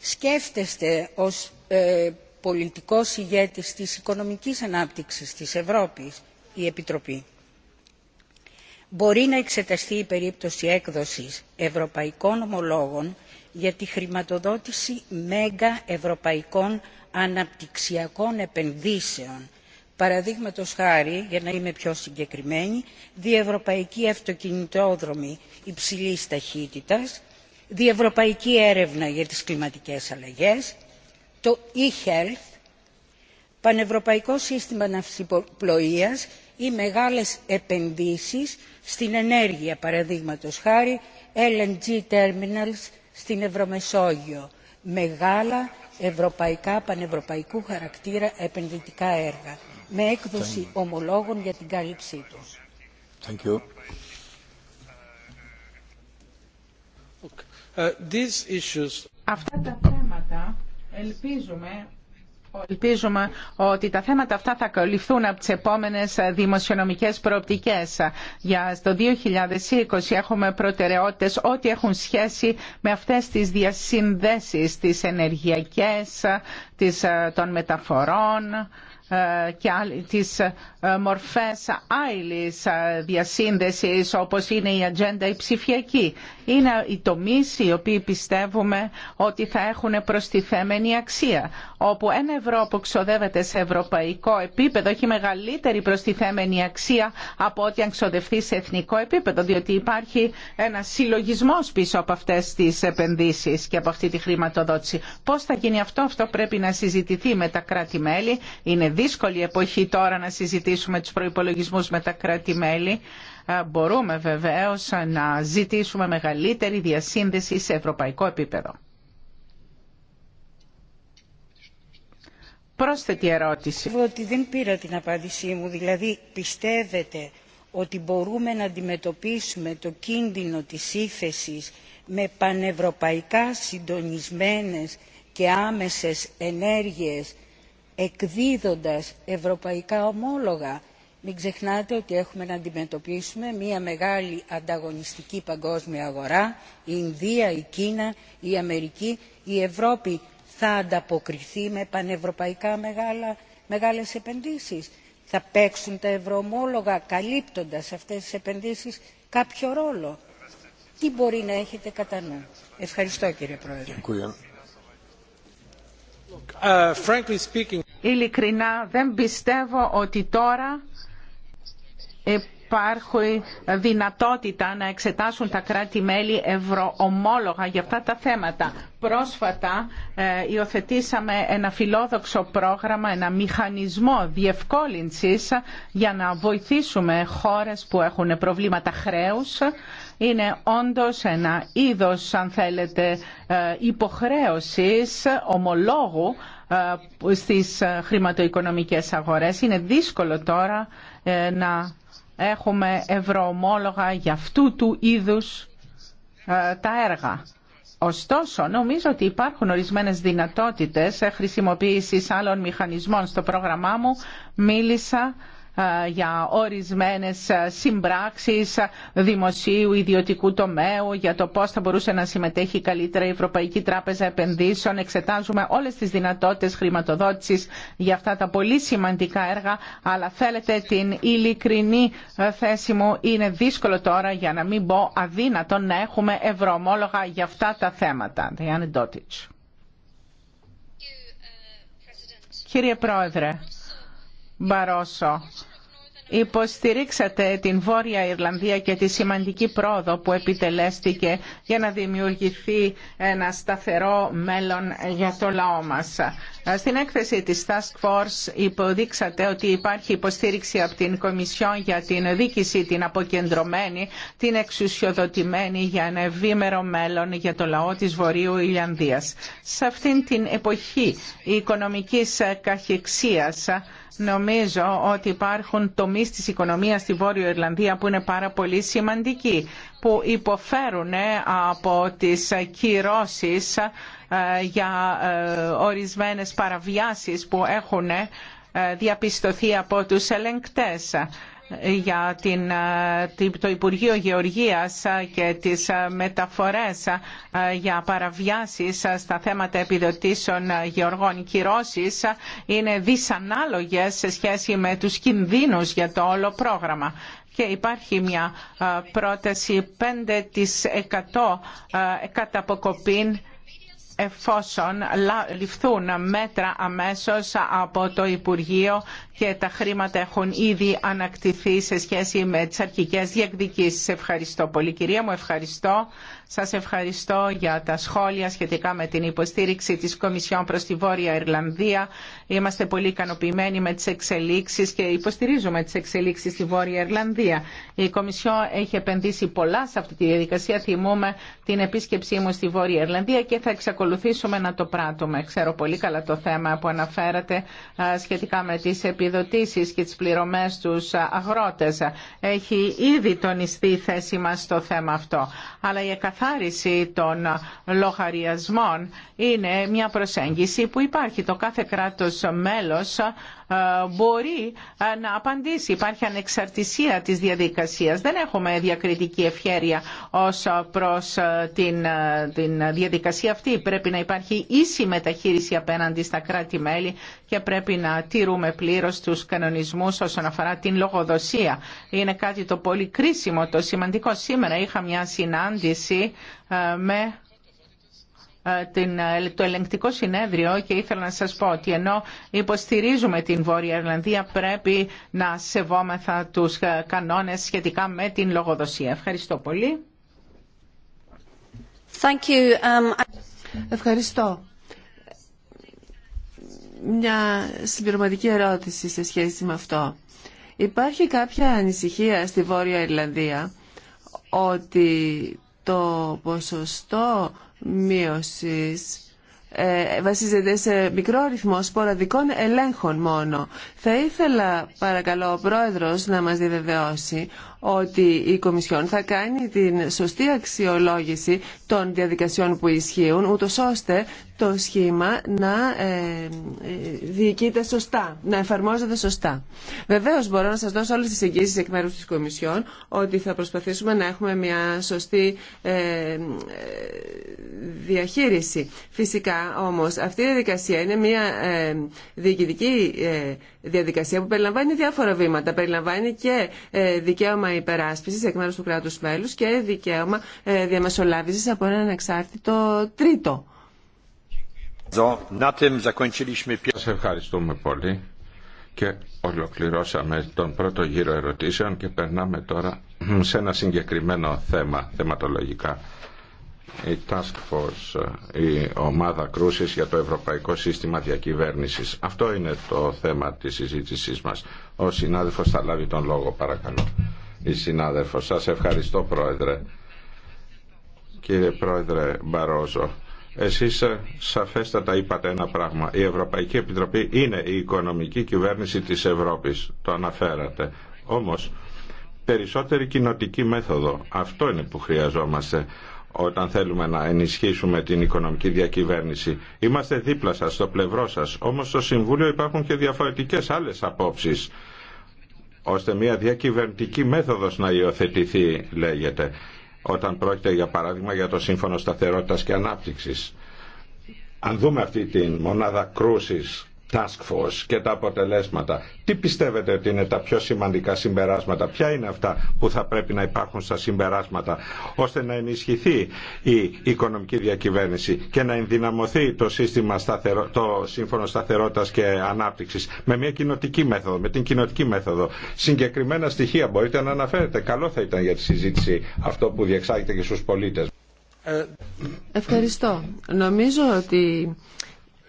Σκέφτεστε ως ε, πολιτικός ηγέτης της οικονομικής ανάπτυξης της Ευρώπης η Επιτροπή. Μπορεί να εξεταστεί η περίπτωση έκδοσης ευρωπαϊκών ομολόγων για τη χρηματοδότηση μέγα ευρωπαϊκών αναπτυξιακών επενδύσεων Παραδείγματο χάρη, για να είμαι πιο συγκεκριμένη, διευρωπαϊκή αυτοκινητόδρομη υψηλή ταχύτητα, διευρωπαϊκή έρευνα για τι κλιματικέ αλλαγέ, το e-health, πανευρωπαϊκό σύστημα ναυσιπλοεία ή μεγάλες επενδύσεις στην ενέργεια παραδείγματο χάρη LNG terminals στην Ευρωμεσόγειο. Μεγάλα ευρωπαϊκά πανευρωπαϊκού χαρακτήρα επενδυτικά έργα με έκδοση ομολόγων για την κάλυψή του. Uh, αυτά τα θέματα ελπίζουμε Ελπίζουμε ότι τα θέματα αυτά θα καλυφθούν από τις επόμενες δημοσιονομικές προοπτικές. Για το 2020 έχουμε προτεραιότητες ό,τι έχουν σχέση με αυτές τις διασυνδέσεις, τις ενεργειακές, ε, των μεταφορών, ε, και τις ε, μορφές άειλης ε, διασύνδεσης όπως είναι η ατζέντα η ψηφιακή. Είναι οι τομείς οι οποίοι πιστεύουμε ότι θα έχουν προστιθέμενη αξία. Όπου ένα ευρώ που ξοδεύεται σε ευρωπαϊκό επίπεδο έχει μεγαλύτερη προστιθέμενη αξία από ό,τι αν ξοδευτεί σε εθνικό επίπεδο. Διότι υπάρχει ένα συλλογισμό πίσω από αυτές τις επενδύσεις και από αυτή τη χρηματοδότηση. Πώς θα γίνει αυτό, αυτό πρέπει να συζητηθεί με τα κράτη-μέλη. Είναι δύσκολη εποχή τώρα να συζητήσουμε τους προϋπολογισμούς με τα κράτη-μέλη. Ε, μπορούμε βεβαίως να ζητήσουμε μεγαλύτερη διασύνδεση σε ευρωπαϊκό επίπεδο. Πρόσθετη ερώτηση. Ότι δεν πήρα την απάντησή μου, δηλαδή πιστεύετε ότι μπορούμε να αντιμετωπίσουμε το κίνδυνο της ύφεσης με πανευρωπαϊκά συντονισμένες και άμεσες ενέργειες εκδίδοντας ευρωπαϊκά ομόλογα. Μην ξεχνάτε ότι έχουμε να αντιμετωπίσουμε μια μεγάλη ανταγωνιστική παγκόσμια αγορά, η Ινδία, η Κίνα, η Αμερική, η Ευρώπη θα ανταποκριθεί με πανευρωπαϊκά μεγάλα, μεγάλες επενδύσεις. Θα παίξουν τα ευρωομόλογα καλύπτοντας αυτές τις επενδύσεις κάποιο ρόλο. Τι μπορεί να έχετε κατά νου. Ευχαριστώ κύριε Πρόεδρε. Ε, Ειλικρινά δεν πιστεύω ότι τώρα υπάρχει δυνατότητα να εξετάσουν τα κράτη-μέλη ευρωομόλογα για αυτά τα θέματα. Πρόσφατα ε, υιοθετήσαμε ένα φιλόδοξο πρόγραμμα, ένα μηχανισμό διευκόλυνσης για να βοηθήσουμε χώρες που έχουν προβλήματα χρέους είναι όντως ένα είδος, αν θέλετε, ε, υποχρέωσης ομολόγου ε, στις ε, χρηματοοικονομικές αγορές. Είναι δύσκολο τώρα να έχουμε ευρωομόλογα για αυτού του είδους τα έργα. Ωστόσο, νομίζω ότι υπάρχουν ορισμένες δυνατότητες χρησιμοποίησης άλλων μηχανισμών. Στο πρόγραμμά μου μίλησα ε, για ορισμένες ε, συμπράξεις δημοσίου ιδιωτικού τομέου για το πώς θα μπορούσε να συμμετέχει καλύτερα η Ευρωπαϊκή Τράπεζα Επενδύσεων. Εξετάζουμε όλες τις δυνατότητες χρηματοδότησης για αυτά τα πολύ σημαντικά έργα αλλά θέλετε την ειλικρινή ε, θέση μου. Είναι δύσκολο τώρα για να μην πω αδύνατο να έχουμε ευρωομόλογα για αυτά τα θέματα. Uh, Κύριε Πρόεδρε, Μπαρόσο, υποστηρίξατε την Βόρεια Ιρλανδία και τη σημαντική πρόοδο που επιτελέστηκε για να δημιουργηθεί ένα σταθερό μέλλον για το λαό μας. Στην έκθεση της Task Force υποδείξατε ότι υπάρχει υποστήριξη από την Κομισιόν για την δίκηση, την αποκεντρωμένη, την εξουσιοδοτημένη για ένα ευήμερο μέλλον για το λαό της Βορείου Ιρλανδίας. Σε αυτήν την εποχή η οικονομικής καχυξίας Νομίζω ότι υπάρχουν τομείς της οικονομίας στη Βόρεια Ιρλανδία που είναι πάρα πολύ σημαντικοί, που υποφέρουν ε, από τις κυρώσει ε, για ε, ορισμένες παραβιάσεις που έχουν διαπιστωθεί από τους ελεγκτές για ε, την, το Υπουργείο Γεωργίας ε, και τις ε, μεταφορές για παραβιάσεις στα θέματα επιδοτήσεων γεωργών κυρώσεις είναι δυσανάλογες σε σχέση με τους κινδύνους για το όλο πρόγραμμα και υπάρχει μια πρόταση 5% καταποκοπή εφόσον ληφθούν μέτρα αμέσως από το Υπουργείο και τα χρήματα έχουν ήδη ανακτηθεί σε σχέση με τις αρχικές διεκδικήσεις. Ευχαριστώ πολύ κυρία μου, ευχαριστώ. Σας ευχαριστώ για τα σχόλια σχετικά με την υποστήριξη της Κομισιόν προς τη Βόρεια Ιρλανδία. Είμαστε πολύ ικανοποιημένοι με τις εξελίξεις και υποστηρίζουμε τις εξελίξεις στη Βόρεια Ιρλανδία. Η Κομισιόν έχει επενδύσει πολλά σε αυτή τη διαδικασία. Θυμούμε την επίσκεψή μου στη Βόρεια Ιρλανδία και θα εξακολουθήσουμε να το πράττουμε. Ξέρω πολύ καλά το θέμα που αναφέρατε σχετικά με τις επιδοτήσεις και τις πληρωμές στους αγρότες. Έχει ήδη τονιστεί η θέση μας στο θέμα αυτό. Αλλά η καθάριση των λογαριασμών είναι μια προσέγγιση που υπάρχει. Το κάθε κράτος μέλος ε, μπορεί ε, να απαντήσει. Υπάρχει ανεξαρτησία της διαδικασίας. Δεν έχουμε διακριτική ευχέρεια ως προς ε, την, την διαδικασία αυτή. Πρέπει να υπάρχει ίση μεταχείριση απέναντι στα κράτη-μέλη και πρέπει να τηρούμε πλήρως τους κανονισμούς όσον αφορά την λογοδοσία. Είναι κάτι το πολύ κρίσιμο, το σημαντικό. Σήμερα είχα μια συνάντηση με ε, ε, το ελεγκτικό συνέδριο και ήθελα να σας πω ότι ενώ υποστηρίζουμε την Βόρεια Ιρλανδία πρέπει να σεβόμεθα τους ε, κανόνες σχετικά με την λογοδοσία. Ευχαριστώ πολύ. Thank you. Um, Ευχαριστώ. Μια συμπληρωματική ερώτηση σε σχέση με αυτό. Υπάρχει κάποια ανησυχία στη Βόρεια Ιρλανδία ότι το ποσοστό μείωσης ε, βασίζεται σε μικρό ρυθμό σποραδικών ελέγχων μόνο. Θα ήθελα παρακαλώ ο Πρόεδρος να μας διαβεβαιώσει ότι η Κομισιόν θα κάνει την σωστή αξιολόγηση των διαδικασιών που ισχύουν ούτω ώστε το σχήμα να ε, ε, διοικείται σωστά, να εφαρμόζεται σωστά. Βεβαίω μπορώ να σα δώσω όλε τι εγγύσει εκ μέρου τη Κομισιόν ότι θα προσπαθήσουμε να έχουμε μια σωστή ε, ε, διαχείριση. Φυσικά όμω αυτή η διαδικασία είναι μια ε, διοικητική διαδικασία που περιλαμβάνει διάφορα βήματα. Περιλαμβάνει και δικαίωμα υπεράσπιση εκ μέρου του κράτου μέλου και δικαίωμα διαμεσολάβηση από έναν εξάρτητο τρίτο. Σας ευχαριστούμε πολύ και ολοκληρώσαμε τον πρώτο γύρο ερωτήσεων και περνάμε τώρα σε ένα συγκεκριμένο θέμα θεματολογικά. Η Task Force, η ομάδα κρούσης για το Ευρωπαϊκό Σύστημα Διακυβέρνησης. Αυτό είναι το θέμα της συζήτησής μας. Ο συνάδελφος θα λάβει τον λόγο παρακαλώ. Η συνάδελφος, σας ευχαριστώ πρόεδρε. Κύριε πρόεδρε Μπαρόζο, εσείς ε, σαφέστατα είπατε ένα πράγμα. Η Ευρωπαϊκή Επιτροπή είναι η οικονομική κυβέρνηση της Ευρώπης. Το αναφέρατε. Όμως, περισσότερη κοινοτική μέθοδο. Αυτό είναι που χρειαζόμαστε όταν θέλουμε να ενισχύσουμε την οικονομική διακυβέρνηση. Είμαστε δίπλα σας, στο πλευρό σας. Όμως στο Συμβούλιο υπάρχουν και διαφορετικές άλλες απόψεις ώστε μια διακυβερνητική μέθοδος να υιοθετηθεί, λέγεται όταν πρόκειται για παράδειγμα για το Σύμφωνο Σταθερότητας και Ανάπτυξης. Αν δούμε αυτή την μονάδα κρούσης Task Force και τα αποτελέσματα. Τι πιστεύετε ότι είναι τα πιο σημαντικά συμπεράσματα, ποια είναι αυτά που θα πρέπει να υπάρχουν στα συμπεράσματα, ώστε να ενισχυθεί η οικονομική διακυβέρνηση και να ενδυναμωθεί το, σύστημα σταθερο... το σύμφωνο σταθερότητας και ανάπτυξης με μια κοινοτική μέθοδο, με την κοινοτική μέθοδο. Συγκεκριμένα στοιχεία μπορείτε να αναφέρετε. Καλό θα ήταν για τη συζήτηση αυτό που διεξάγεται και στους πολίτες. Ε, Ευχαριστώ.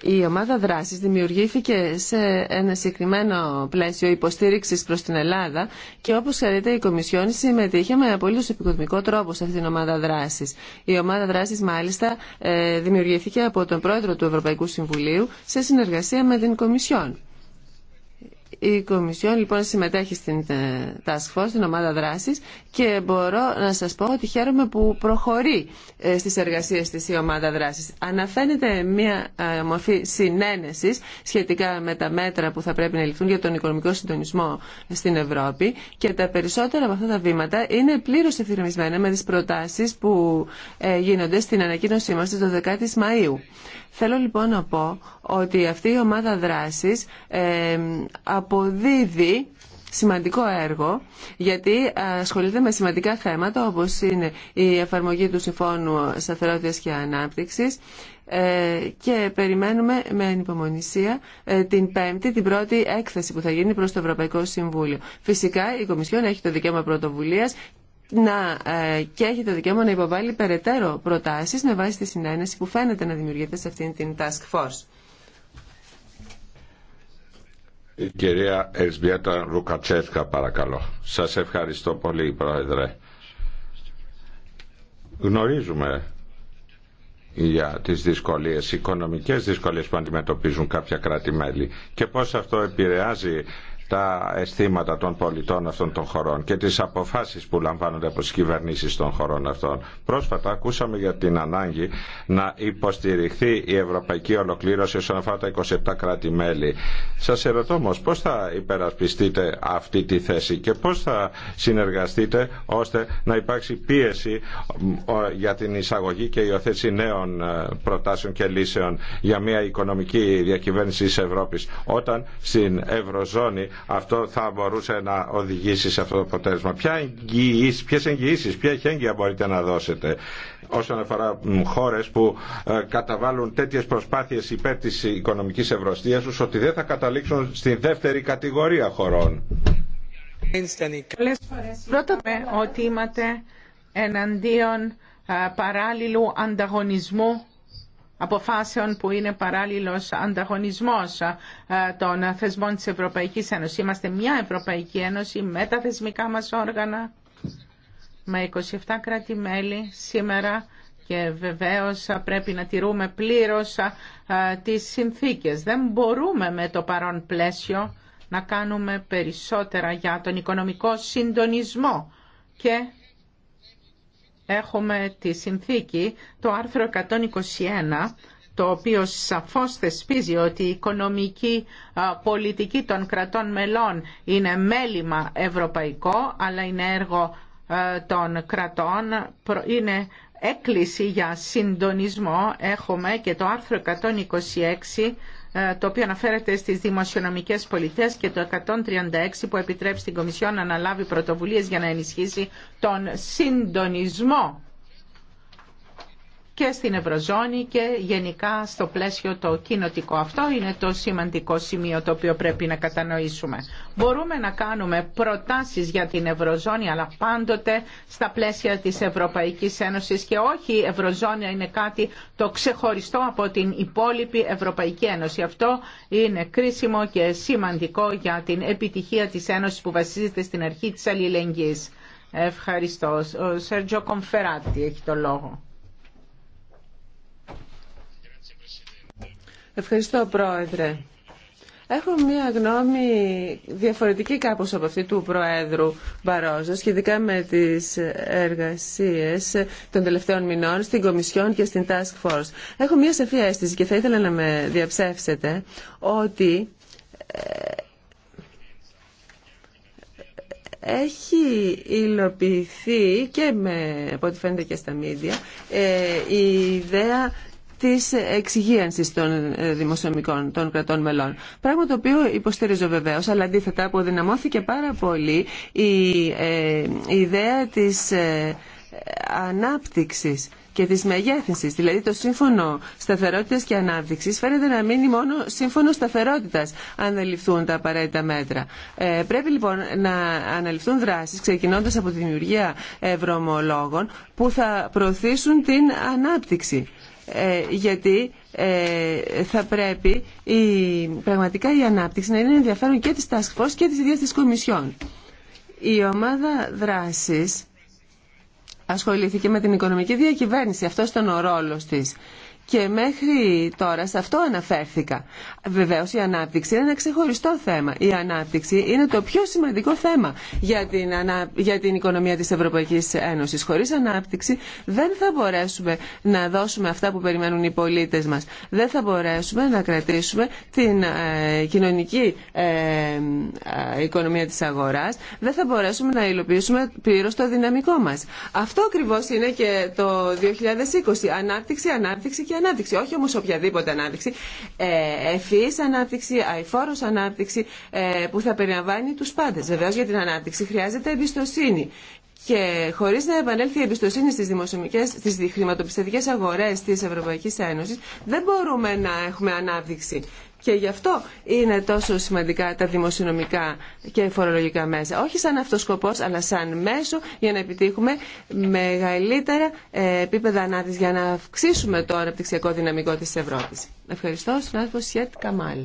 Η ομάδα δράσης δημιουργήθηκε σε ένα συγκεκριμένο πλαίσιο υποστήριξης προς την Ελλάδα και όπως ξέρετε η Κομισιόν συμμετείχε με απολύτω επικοδομικό τρόπο σε αυτήν την ομάδα δράσης. Η ομάδα δράσης μάλιστα ε, δημιουργήθηκε από τον πρόεδρο του Ευρωπαϊκού Συμβουλίου σε συνεργασία με την Κομισιόν. Η Κομισιόν λοιπόν συμμετέχει στην ε, Task Force, στην ομάδα δράσης και μπορώ να σας πω ότι χαίρομαι που προχωρεί ε, στις εργασίες της η ομάδα δράσης. Αναφέρεται μια ε, μορφή συνένεσης σχετικά με τα μέτρα που θα πρέπει να ληφθούν για τον οικονομικό συντονισμό στην Ευρώπη και τα περισσότερα από αυτά τα βήματα είναι πλήρως ευθυγραμμισμένα με τις προτάσεις που γίνονται στην ανακοίνωσή μας το 12 Μαΐου. Θέλω λοιπόν να πω ότι αυτή η ομάδα δράσης ε, αποδίδει σημαντικό έργο γιατί ασχολείται με σημαντικά θέματα όπως είναι η εφαρμογή του Συμφώνου Σταθερότητας και Ανάπτυξης ε, και περιμένουμε με ανυπομονησία ε, την πέμπτη, την πρώτη έκθεση που θα γίνει προς το Ευρωπαϊκό Συμβούλιο. Φυσικά η Κομισιόν έχει το δικαίωμα πρωτοβουλίας να, ε, και έχει το δικαίωμα να υποβάλει περαιτέρω προτάσεις με βάση τη συνένεση που φαίνεται να δημιουργείται σε αυτήν την task force. Η κυρία Ελσβιέτα Ρουκατσέφκα παρακαλώ. Σας ευχαριστώ πολύ Πρόεδρε. Γνωρίζουμε για τις δυσκολίες, οικονομικές δυσκολίες που αντιμετωπίζουν κάποια κράτη-μέλη και πώς αυτό επηρεάζει τα αισθήματα των πολιτών αυτών των χωρών και τις αποφάσεις που λαμβάνονται από τις κυβερνήσεις των χωρών αυτών. Πρόσφατα ακούσαμε για την ανάγκη να υποστηριχθεί η ευρωπαϊκή ολοκλήρωση όσον αφορά τα 27 κράτη-μέλη. Σας ερωτώ όμω πώς θα υπερασπιστείτε αυτή τη θέση και πώς θα συνεργαστείτε ώστε να υπάρξει πίεση για την εισαγωγή και υιοθέτηση νέων ε, προτάσεων και λύσεων για μια οικονομική διακυβέρνηση της Ευρώπης όταν στην Ευρωζώνη αυτό θα μπορούσε να οδηγήσει σε αυτό το αποτέλεσμα. Ποιε εγγυήσει, ποια εχέγγυα μπορείτε να δώσετε όσον αφορά χώρε που ε, καταβάλουν τέτοιε προσπάθειε υπέρ τη οικονομική ευρωστία του ότι δεν θα καταλήξουν στη δεύτερη κατηγορία χωρών. Πρώτα με ότι είμαστε εναντίον ε, παράλληλου ανταγωνισμού αποφάσεων που είναι παράλληλος ανταγωνισμός ε, των θεσμών της Ευρωπαϊκής Ένωσης. Είμαστε μια Ευρωπαϊκή Ένωση με τα θεσμικά μας όργανα, με 27 κράτη-μέλη σήμερα και βεβαίως πρέπει να τηρούμε πλήρως ε, τις συνθήκες. Δεν μπορούμε με το παρόν πλαίσιο να κάνουμε περισσότερα για τον οικονομικό συντονισμό και έχουμε τη συνθήκη, το άρθρο 121, το οποίο σαφώς θεσπίζει ότι η οικονομική πολιτική των κρατών μελών είναι μέλημα ευρωπαϊκό, αλλά είναι έργο των κρατών, είναι έκκληση για συντονισμό. Έχουμε και το άρθρο 126 ε, το οποίο αναφέρεται στις δημοσιονομικές πολιτές και το 136 που επιτρέπει στην Κομισιόν να αναλάβει πρωτοβουλίες για να ενισχύσει τον συντονισμό και στην Ευρωζώνη και γενικά στο πλαίσιο το κοινοτικό. Αυτό είναι το σημαντικό σημείο το οποίο πρέπει να κατανοήσουμε. Μπορούμε να κάνουμε προτάσεις για την Ευρωζώνη αλλά πάντοτε στα πλαίσια της Ευρωπαϊκής Ένωσης και όχι η Ευρωζώνη είναι κάτι το ξεχωριστό από την υπόλοιπη Ευρωπαϊκή Ένωση. Αυτό είναι κρίσιμο και σημαντικό για την επιτυχία της Ένωσης που βασίζεται στην αρχή της αλληλεγγύης. Ευχαριστώ. Ο Σέρτζο Κομφεράτη έχει το λόγο. Ευχαριστώ, Πρόεδρε. Έχω μία γνώμη διαφορετική κάπως από αυτή του Προέδρου Μπαρόζο σχετικά με τις εργασίες των τελευταίων μηνών στην Κομισιόν και στην Task Force. Έχω μία σαφή αίσθηση και θα ήθελα να με διαψεύσετε ότι ε, έχει υλοποιηθεί και με, από ό,τι φαίνεται και στα μίντια ε, η ιδέα Τη εξυγίανση των ε, δημοσιομικών των κρατών μελών. Πράγμα το οποίο υποστηρίζω βεβαίω, αλλά αντίθετα αποδυναμώθηκε πάρα πολύ η, ε, ιδέα τη ε, ανάπτυξης και της μεγέθυνσης. Δηλαδή το σύμφωνο σταθερότητας και ανάπτυξης φαίνεται να μείνει μόνο σύμφωνο σταθερότητας αν δεν ληφθούν τα απαραίτητα μέτρα. Ε, πρέπει λοιπόν να αναλυφθούν δράσεις ξεκινώντας από τη δημιουργία ευρωομολόγων που θα προωθήσουν την ανάπτυξη. Ε, γιατί ε, θα πρέπει η, πραγματικά η ανάπτυξη να είναι ενδιαφέρον και της Task Force και της ίδιας της Κομισιόν. Η ομάδα δράσης ασχολήθηκε με την οικονομική διακυβέρνηση. Αυτό ήταν ο ρόλος της. Και μέχρι τώρα σε αυτό αναφέρθηκα. Βεβαίω η ανάπτυξη είναι ένα ξεχωριστό θέμα. Η ανάπτυξη είναι το πιο σημαντικό θέμα για την, ανα... για την οικονομία τη Ευρωπαϊκή Ένωση. Χωρί ανάπτυξη δεν θα μπορέσουμε να δώσουμε αυτά που περιμένουν οι πολίτε μα. Δεν θα μπορέσουμε να κρατήσουμε την ε, κοινωνική ε, ε, οικονομία τη αγορά. Δεν θα μπορέσουμε να υλοποιήσουμε πλήρω το δυναμικό μα. Αυτό ακριβώ είναι και το 2020. Ανάπτυξη, ανάπτυξη και ανάπτυξη. Όχι όμως οποιαδήποτε ανάπτυξη, ε, ανάπτυξη, αϊφόρος ανάπτυξη ε, που θα περιλαμβάνει τους πάντες. Βεβαίω για την ανάπτυξη χρειάζεται εμπιστοσύνη. Και χωρίς να επανέλθει η εμπιστοσύνη στις, δημοσιομικές, στις τη αγορές Ένωση, Ευρωπαϊκής δεν μπορούμε να έχουμε ανάπτυξη. Και γι' αυτό είναι τόσο σημαντικά τα δημοσιονομικά και φορολογικά μέσα. Όχι σαν αυτός σκοπός, αλλά σαν μέσο για να επιτύχουμε μεγαλύτερα ε, επίπεδα ανάπτυξη για να αυξήσουμε το αναπτυξιακό δυναμικό της Ευρώπης. Ευχαριστώ. Συνάδελφο Σιέτ Καμάλ.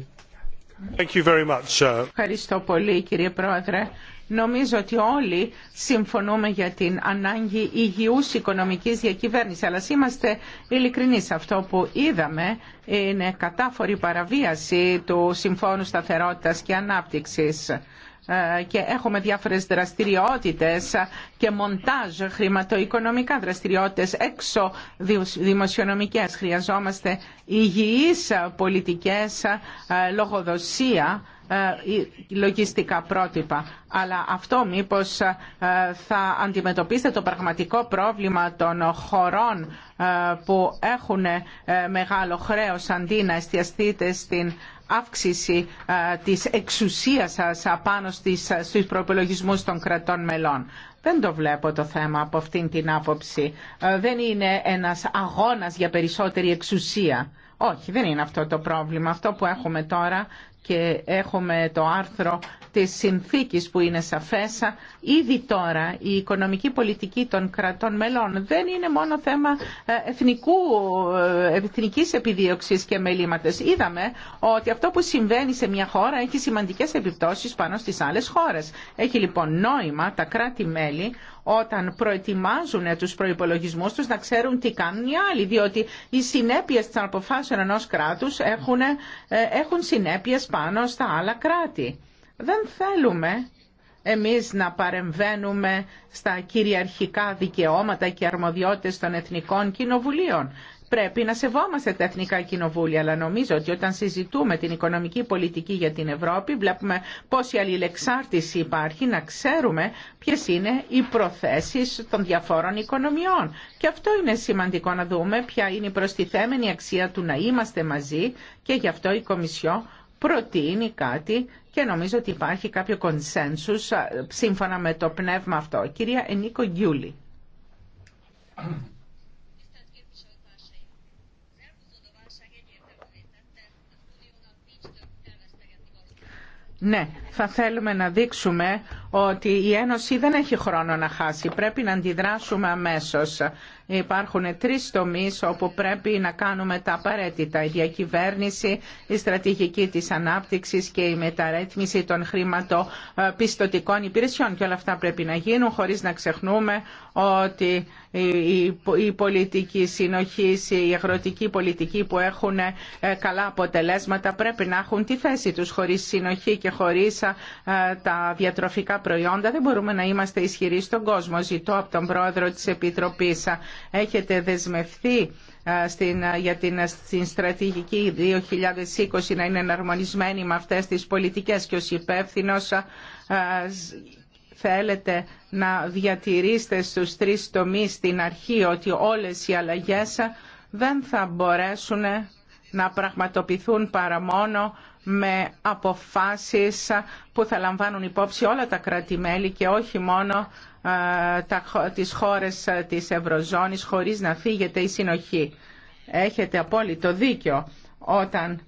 Ευχαριστώ πολύ κύριε Πρόεδρε. Νομίζω ότι όλοι συμφωνούμε για την ανάγκη υγιούς οικονομικής διακυβέρνησης, αλλά είμαστε ειλικρινείς. Αυτό που είδαμε είναι κατάφορη παραβίαση του Συμφώνου Σταθερότητας και Ανάπτυξης ε, και έχουμε διάφορες δραστηριότητες και μοντάζ χρηματοοικονομικά δραστηριότητες έξω δημοσιονομικές. Χρειαζόμαστε υγιείς πολιτικές ε, λογοδοσία ε, λογιστικά πρότυπα. Αλλά αυτό μήπως ε, θα αντιμετωπίσετε το πραγματικό πρόβλημα των χωρών ε, που έχουν μεγάλο χρέος αντί να εστιαστείτε στην αύξηση της εξουσίας σας απάνω στους προπολογισμούς των κρατών μελών. Δεν το βλέπω το θέμα από αυτήν την άποψη. Δεν είναι ένας αγώνας για περισσότερη εξουσία. Όχι, δεν είναι αυτό το πρόβλημα. Αυτό που έχουμε τώρα και έχουμε το άρθρο της συνθήκης που είναι σαφέσα, ήδη τώρα η οικονομική πολιτική των κρατών μελών δεν είναι μόνο θέμα ε, εθνικού, ε, εθνικής επιδίωξης και μελήματες. Είδαμε ότι αυτό που συμβαίνει σε μια χώρα έχει σημαντικές επιπτώσεις πάνω στις άλλες χώρες. Έχει λοιπόν νόημα τα κράτη-μέλη όταν προετοιμάζουν τους προϋπολογισμούς τους να ξέρουν τι κάνουν οι άλλοι, διότι οι συνέπειες των αποφάσεων ενός κράτους έχουν, ε, έχουν συνέπειες πάνω στα άλλα κράτη. Δεν θέλουμε εμείς να παρεμβαίνουμε στα κυριαρχικά δικαιώματα και αρμοδιότητες των εθνικών κοινοβουλίων. Πρέπει να σεβόμαστε τα εθνικά κοινοβούλια, αλλά νομίζω ότι όταν συζητούμε την οικονομική πολιτική για την Ευρώπη, βλέπουμε πόση αλληλεξάρτηση υπάρχει, να ξέρουμε ποιες είναι οι προθέσεις των διαφόρων οικονομιών. Και αυτό είναι σημαντικό να δούμε ποια είναι η προστιθέμενη αξία του να είμαστε μαζί και γι' αυτό η Κομισιό προτείνει κάτι και νομίζω ότι υπάρχει κάποιο κονσένσους σύμφωνα με το πνεύμα αυτό. Κυρία Ενίκο Γκιούλη. Ναι, θα θέλουμε να δείξουμε ότι η Ένωση δεν έχει χρόνο να χάσει. Πρέπει να αντιδράσουμε αμέσως. Υπάρχουν τρεις τομείς όπου πρέπει να κάνουμε τα απαραίτητα. Η διακυβέρνηση, η στρατηγική της ανάπτυξης και η μεταρρύθμιση των χρηματοπιστωτικών υπηρεσιών. Και όλα αυτά πρέπει να γίνουν χωρίς να ξεχνούμε ότι η πολιτική συνοχή, η αγροτική πολιτική που έχουν ε, καλά αποτελέσματα πρέπει να έχουν τη θέση τους. Χωρίς συνοχή και χωρίς ε, τα διατροφικά προϊόντα δεν μπορούμε να είμαστε ισχυροί στον κόσμο. Ζητώ από τον πρόεδρο της Επιτροπής. Ε, έχετε δεσμευθεί στην, για την στρατηγική 2020 να είναι εναρμονισμένη με αυτές τις πολιτικές και ως υπεύθυνο θέλετε να διατηρήσετε στους τρεις τομείς στην αρχή ότι όλες οι αλλαγές δεν θα μπορέσουν να πραγματοποιηθούν παρά μόνο με αποφάσεις που θα λαμβάνουν υπόψη όλα τα κράτη-μέλη και όχι μόνο ε, τις χώρες της Ευρωζώνης χωρίς να φύγεται η συνοχή. Έχετε απόλυτο δίκιο όταν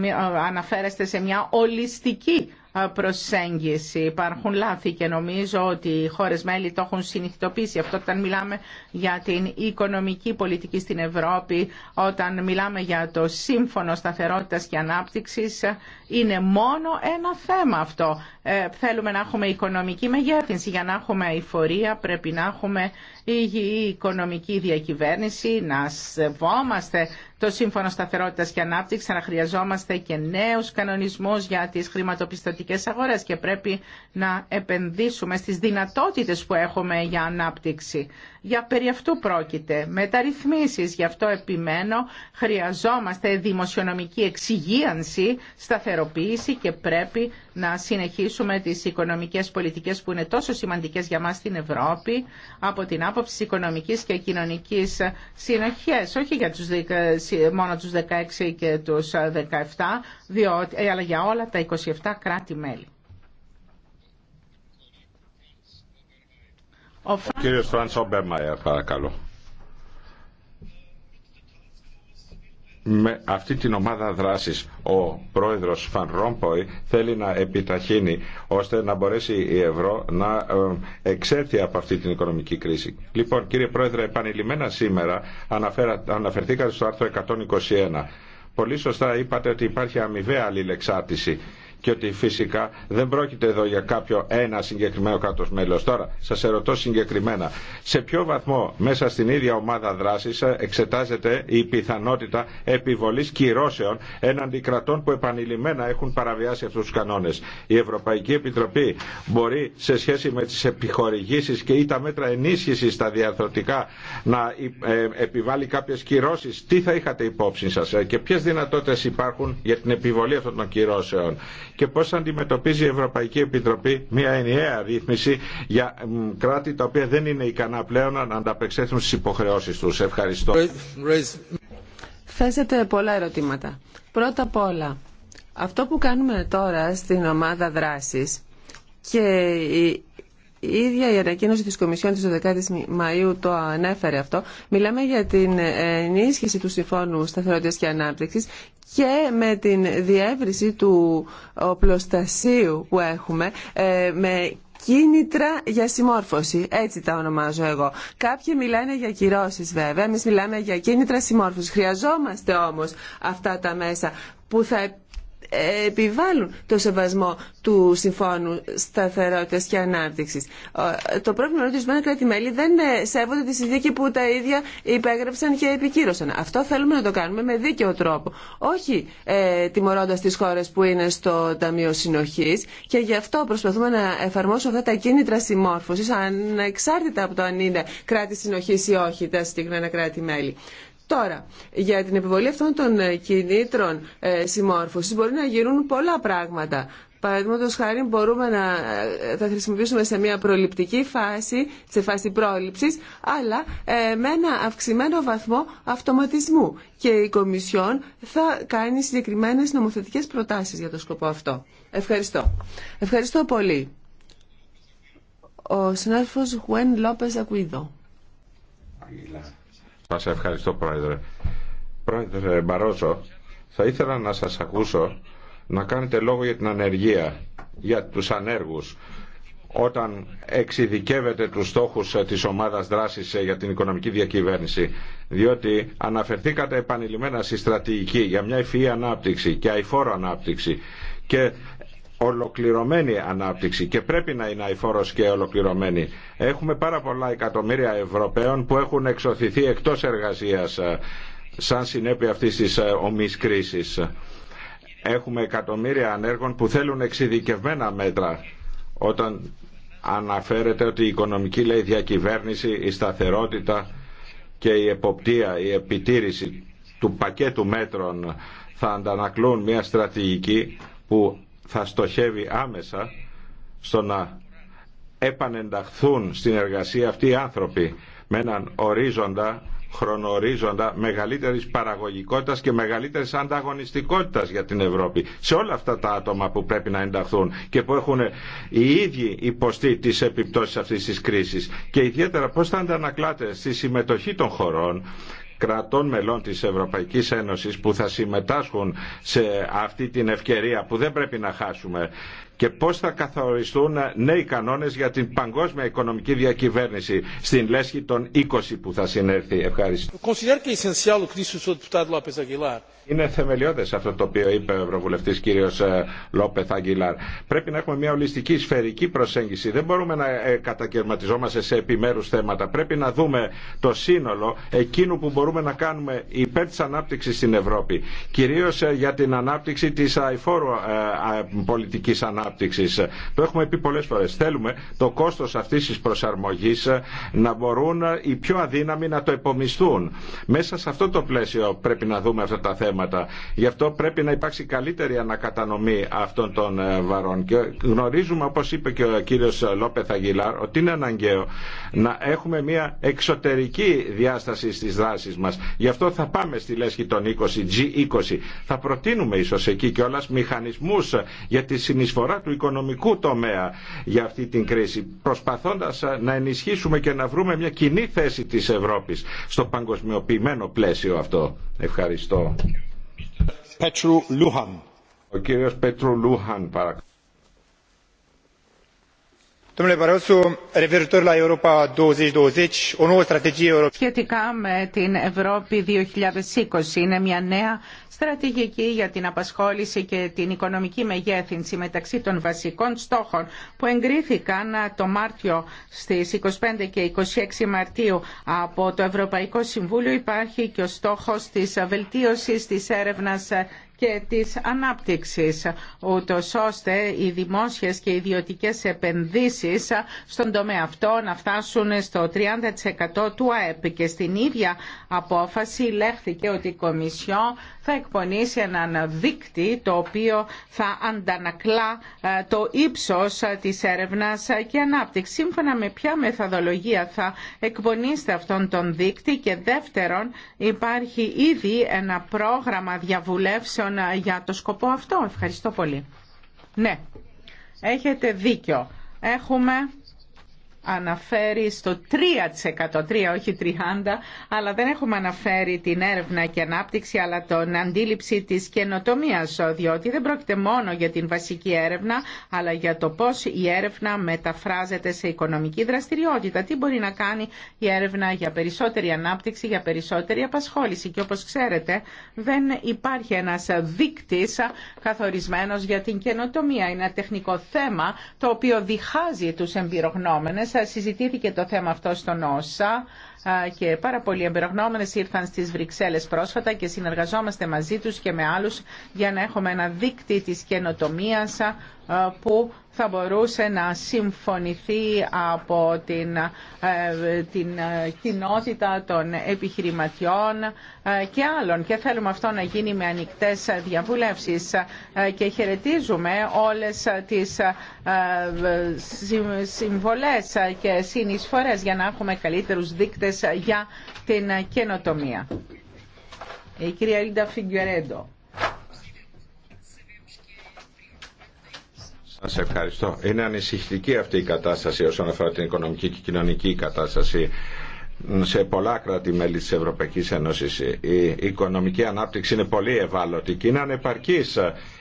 ε, αναφέρεστε σε μια ολιστική προσέγγιση. Υπάρχουν λάθη και νομίζω ότι οι χώρε μέλη το έχουν συνειδητοποιήσει. Αυτό όταν μιλάμε για την οικονομική πολιτική στην Ευρώπη, όταν μιλάμε για το σύμφωνο σταθερότητας και ανάπτυξης, είναι μόνο ένα θέμα αυτό. Ε, θέλουμε να έχουμε οικονομική μεγέθυνση. Για να έχουμε εφορία πρέπει να έχουμε υγιή οικονομική διακυβέρνηση, να σεβόμαστε το Σύμφωνο Σταθερότητα και Ανάπτυξη, να χρειαζόμαστε και νέου κανονισμού για τι χρηματοπιστωτικέ αγορέ και πρέπει να επενδύσουμε στι δυνατότητε που έχουμε για ανάπτυξη. Για περί αυτού πρόκειται. Μεταρρυθμίσει, γι' αυτό επιμένω, χρειαζόμαστε δημοσιονομική εξυγίανση, σταθεροποίηση και πρέπει να συνεχίσουμε τι οικονομικέ πολιτικέ που είναι τόσο σημαντικέ για μα στην Ευρώπη από την άποψη οικονομική και κοινωνικής συνοχή. όχι για τους, μόνο τους 16 και τους 17, διότι, ε, αλλά για όλα τα 27 κράτη-μέλη. Ο κύριος παρακαλώ. με αυτή την ομάδα δράσης ο πρόεδρος Φαν Ρόμποϊ θέλει να επιταχύνει ώστε να μπορέσει η ευρώ να ε, εξέλθει από αυτή την οικονομική κρίση. Λοιπόν κύριε πρόεδρε επανειλημμένα σήμερα αναφερθήκατε στο άρθρο 121. Πολύ σωστά είπατε ότι υπάρχει αμοιβαία αλληλεξάρτηση και ότι φυσικά δεν πρόκειται εδώ για κάποιο ένα συγκεκριμένο κράτο μέλο. Τώρα, σα ερωτώ συγκεκριμένα, σε ποιο βαθμό μέσα στην ίδια ομάδα δράση εξετάζεται η πιθανότητα επιβολή κυρώσεων έναντι κρατών που επανειλημμένα έχουν παραβιάσει αυτού του κανόνε. Η Ευρωπαϊκή Επιτροπή μπορεί σε σχέση με τι επιχορηγήσει και ή τα μέτρα ενίσχυση στα διαρθρωτικά να ε, ε, επιβάλλει κάποιε κυρώσει. Τι θα είχατε υπόψη σα ε, και ποιε δυνατότητε υπάρχουν για την επιβολή αυτών των κυρώσεων και πώς αντιμετωπίζει η Ευρωπαϊκή Επιτροπή μια ενιαία ρύθμιση για κράτη τα οποία δεν είναι ικανά πλέον να ανταπεξέλθουν στις υποχρεώσεις τους. Ευχαριστώ. Θέσετε πολλά ερωτήματα. Πρώτα απ' όλα, αυτό που κάνουμε τώρα στην ομάδα δράσης και η ίδια η ανακοίνωση της Κομισιόν της 12ης Μαΐου το ανέφερε αυτό. Μιλάμε για την ενίσχυση του Συμφώνου Σταθερότητας και Ανάπτυξης και με την διεύρυνση του οπλοστασίου που έχουμε ε, με κίνητρα για συμμόρφωση. Έτσι τα ονομάζω εγώ. Κάποιοι μιλάνε για κυρώσει βέβαια, εμεί μιλάμε για κίνητρα συμμόρφωση. Χρειαζόμαστε όμω αυτά τα μέσα που θα επιβάλλουν το σεβασμό του Συμφώνου σταθερότητα και ανάπτυξη. Το πρόβλημα είναι ότι ορισμένα κράτη-μέλη δεν ε, σέβονται τη συνθήκη που τα ίδια υπέγραψαν και επικύρωσαν. Αυτό θέλουμε να το κάνουμε με δίκαιο τρόπο. Όχι ε, τιμωρώντα τι χώρε που είναι στο Ταμείο Συνοχή και γι' αυτό προσπαθούμε να εφαρμόσουμε αυτά τα κίνητρα συμμόρφωση ανεξάρτητα από το αν είναι κράτη συνοχή ή όχι τα συγκεκριμένα κράτη-μέλη. Τώρα, για την επιβολή αυτών των ε, κινήτρων ε, συμμόρφωσης μπορεί να γίνουν πολλά πράγματα. Παραδείγματο χάρη μπορούμε να τα ε, χρησιμοποιήσουμε σε μια προληπτική φάση, σε φάση πρόληψης, αλλά με ένα αυξημένο βαθμό αυτοματισμού. Και η Κομισιόν θα κάνει συγκεκριμένες νομοθετικές προτάσεις για το σκοπό αυτό. Ευχαριστώ. Ευχαριστώ πολύ. Ο συνάδελφος Γουέν Λόπες Ακουίδο. Σας ευχαριστώ Πρόεδρε. Πρόεδρε Μπαρόζο, θα ήθελα να σας ακούσω να κάνετε λόγο για την ανεργία, για τους ανέργους όταν εξειδικεύετε τους στόχους ε, της ομάδας δράσης ε, για την οικονομική διακυβέρνηση. Διότι αναφερθήκατε επανειλημμένα στη στρατηγική για μια ευφυή ανάπτυξη και αηφόρο ανάπτυξη και ολοκληρωμένη ανάπτυξη και πρέπει να είναι αηφόρος και ολοκληρωμένη. Έχουμε πάρα πολλά εκατομμύρια Ευρωπαίων που έχουν εξωθηθεί εκτός εργασίας ε, σαν συνέπεια αυτή της ε, ομής κρίσης. Έχουμε εκατομμύρια ανέργων που θέλουν εξειδικευμένα μέτρα όταν αναφέρεται ότι η οικονομική λέει, διακυβέρνηση, η σταθερότητα και η εποπτεία, η επιτήρηση του πακέτου μέτρων θα αντανακλούν μια στρατηγική που θα στοχεύει άμεσα στο να επανενταχθούν στην εργασία αυτοί οι άνθρωποι με έναν ορίζοντα χρονορίζοντα μεγαλύτερης παραγωγικότητας και μεγαλύτερης ανταγωνιστικότητας για την Ευρώπη. Σε όλα αυτά τα άτομα που πρέπει να ενταχθούν και που έχουν οι ίδιοι υποστεί τις επιπτώσεις αυτής της κρίσης και ιδιαίτερα πώς θα αντανακλάτε στη συμμετοχή των χωρών κρατών μελών της Ευρωπαϊκής Ένωσης που θα συμμετάσχουν σε αυτή την ευκαιρία που δεν πρέπει να χάσουμε και πώς θα καθοριστούν νέοι κανόνες για την παγκόσμια οικονομική διακυβέρνηση στην λέσχη των 20 που θα συνέρθει. Ευχαριστώ. Είναι θεμελιώδε αυτό το οποίο είπε ο Ευρωβουλευτή κ. Ε, Λόπεθ Αγγιλάρ. Πρέπει να έχουμε μια ολιστική σφαιρική προσέγγιση. Δεν μπορούμε να ε, κατακαιρματιζόμαστε σε επιμέρου θέματα. Πρέπει να δούμε το σύνολο εκείνου που μπορούμε να κάνουμε υπέρ τη ανάπτυξη στην Ευρώπη. Κυρίω ε, για την ανάπτυξη τη αηφόρου πολιτική ανάπτυξη ανάπτυξη. Το έχουμε πει πολλέ φορέ. Θέλουμε το κόστο αυτή τη προσαρμογή ε, να μπορούν ε, οι πιο αδύναμοι να το επομισθούν. Μέσα σε αυτό το πλαίσιο πρέπει να δούμε αυτά τα θέματα. Γι' αυτό πρέπει να υπάρξει καλύτερη ανακατανομή αυτών των ε, βαρών. Και γνωρίζουμε, όπω είπε και ο κύριο Λόπεθ Αγγιλάρ, ότι είναι αναγκαίο να έχουμε μια εξωτερική διάσταση στι δράσει μα. Γι' αυτό θα πάμε στη λέσχη των 20, G20. Θα προτείνουμε ίσω εκεί κιόλα μηχανισμού για τη συνεισφορά του οικονομικού τομέα για αυτή την κρίση, προσπαθώντας να ενισχύσουμε και να βρούμε μια κοινή θέση της Ευρώπης στο παγκοσμιοποιημένο πλαίσιο αυτό. Ευχαριστώ. Ο κύριος Πέτρου Λούχαν Σχετικά με την Ευρώπη 2020 είναι μια νέα στρατηγική για την απασχόληση και την οικονομική μεγέθυνση μεταξύ των βασικών στόχων που εγκρίθηκαν το Μάρτιο στις 25 και 26 Μαρτίου από το Ευρωπαϊκό Συμβούλιο υπάρχει και ο στόχος της βελτίωσης της έρευνας και της ανάπτυξης, ούτως ώστε οι δημόσιες και ιδιωτικές επενδύσεις στον τομέα αυτό να φτάσουν στο 30% του ΑΕΠ και στην ίδια απόφαση λέχθηκε ότι η Κομισιό θα εκπονήσει έναν δίκτυ το οποίο θα αντανακλά ε, το ύψος της έρευνας και ανάπτυξη. Σύμφωνα με ποια μεθοδολογία θα εκπονήσετε αυτόν τον δίκτυ και δεύτερον υπάρχει ήδη ένα πρόγραμμα διαβουλεύσεων Λοιπόν, ε, για το σκοπό αυτό. Ευχαριστώ πολύ. Ναι, έχετε δίκιο. Έχουμε αναφέρει στο 3%, 3 όχι 30, αλλά δεν έχουμε αναφέρει την έρευνα και ανάπτυξη, αλλά την αντίληψη της καινοτομίας, διότι δεν πρόκειται μόνο για την βασική έρευνα, αλλά για το πώς η έρευνα μεταφράζεται σε οικονομική δραστηριότητα. Τι μπορεί να κάνει η έρευνα για περισσότερη ανάπτυξη, για περισσότερη απασχόληση. Και όπως ξέρετε, δεν υπάρχει ένας δείκτης καθορισμένος για την καινοτομία. Είναι ένα τεχνικό θέμα το οποίο διχάζει τους εμπειρογνώμενες συζητήθηκε το θέμα αυτό στον ΩΣΑ και πάρα πολλοί εμπειρογνώμενε ήρθαν στις Βρυξέλλες πρόσφατα και συνεργαζόμαστε μαζί τους και με άλλους για να έχουμε ένα δίκτυ της καινοτομία που θα μπορούσε να συμφωνηθεί από την, ε, την ε, κοινότητα των επιχειρηματιών ε, και άλλων. Και θέλουμε αυτό να γίνει με ανοιχτές διαβουλεύσεις και χαιρετίζουμε όλες τις συμβολές και συνεισφορές για να έχουμε καλύτερους δείκτες για την καινοτομία. Η κυρία Ρίντα Φιγκερέντο. Σα ευχαριστώ. Είναι ανησυχητική αυτή η κατάσταση όσον αφορά την οικονομική και κοινωνική κατάσταση σε πολλά κράτη-μέλη της Ευρωπαϊκής Ένωσης. Η οικονομική ανάπτυξη είναι πολύ ευάλωτη και είναι ανεπαρκής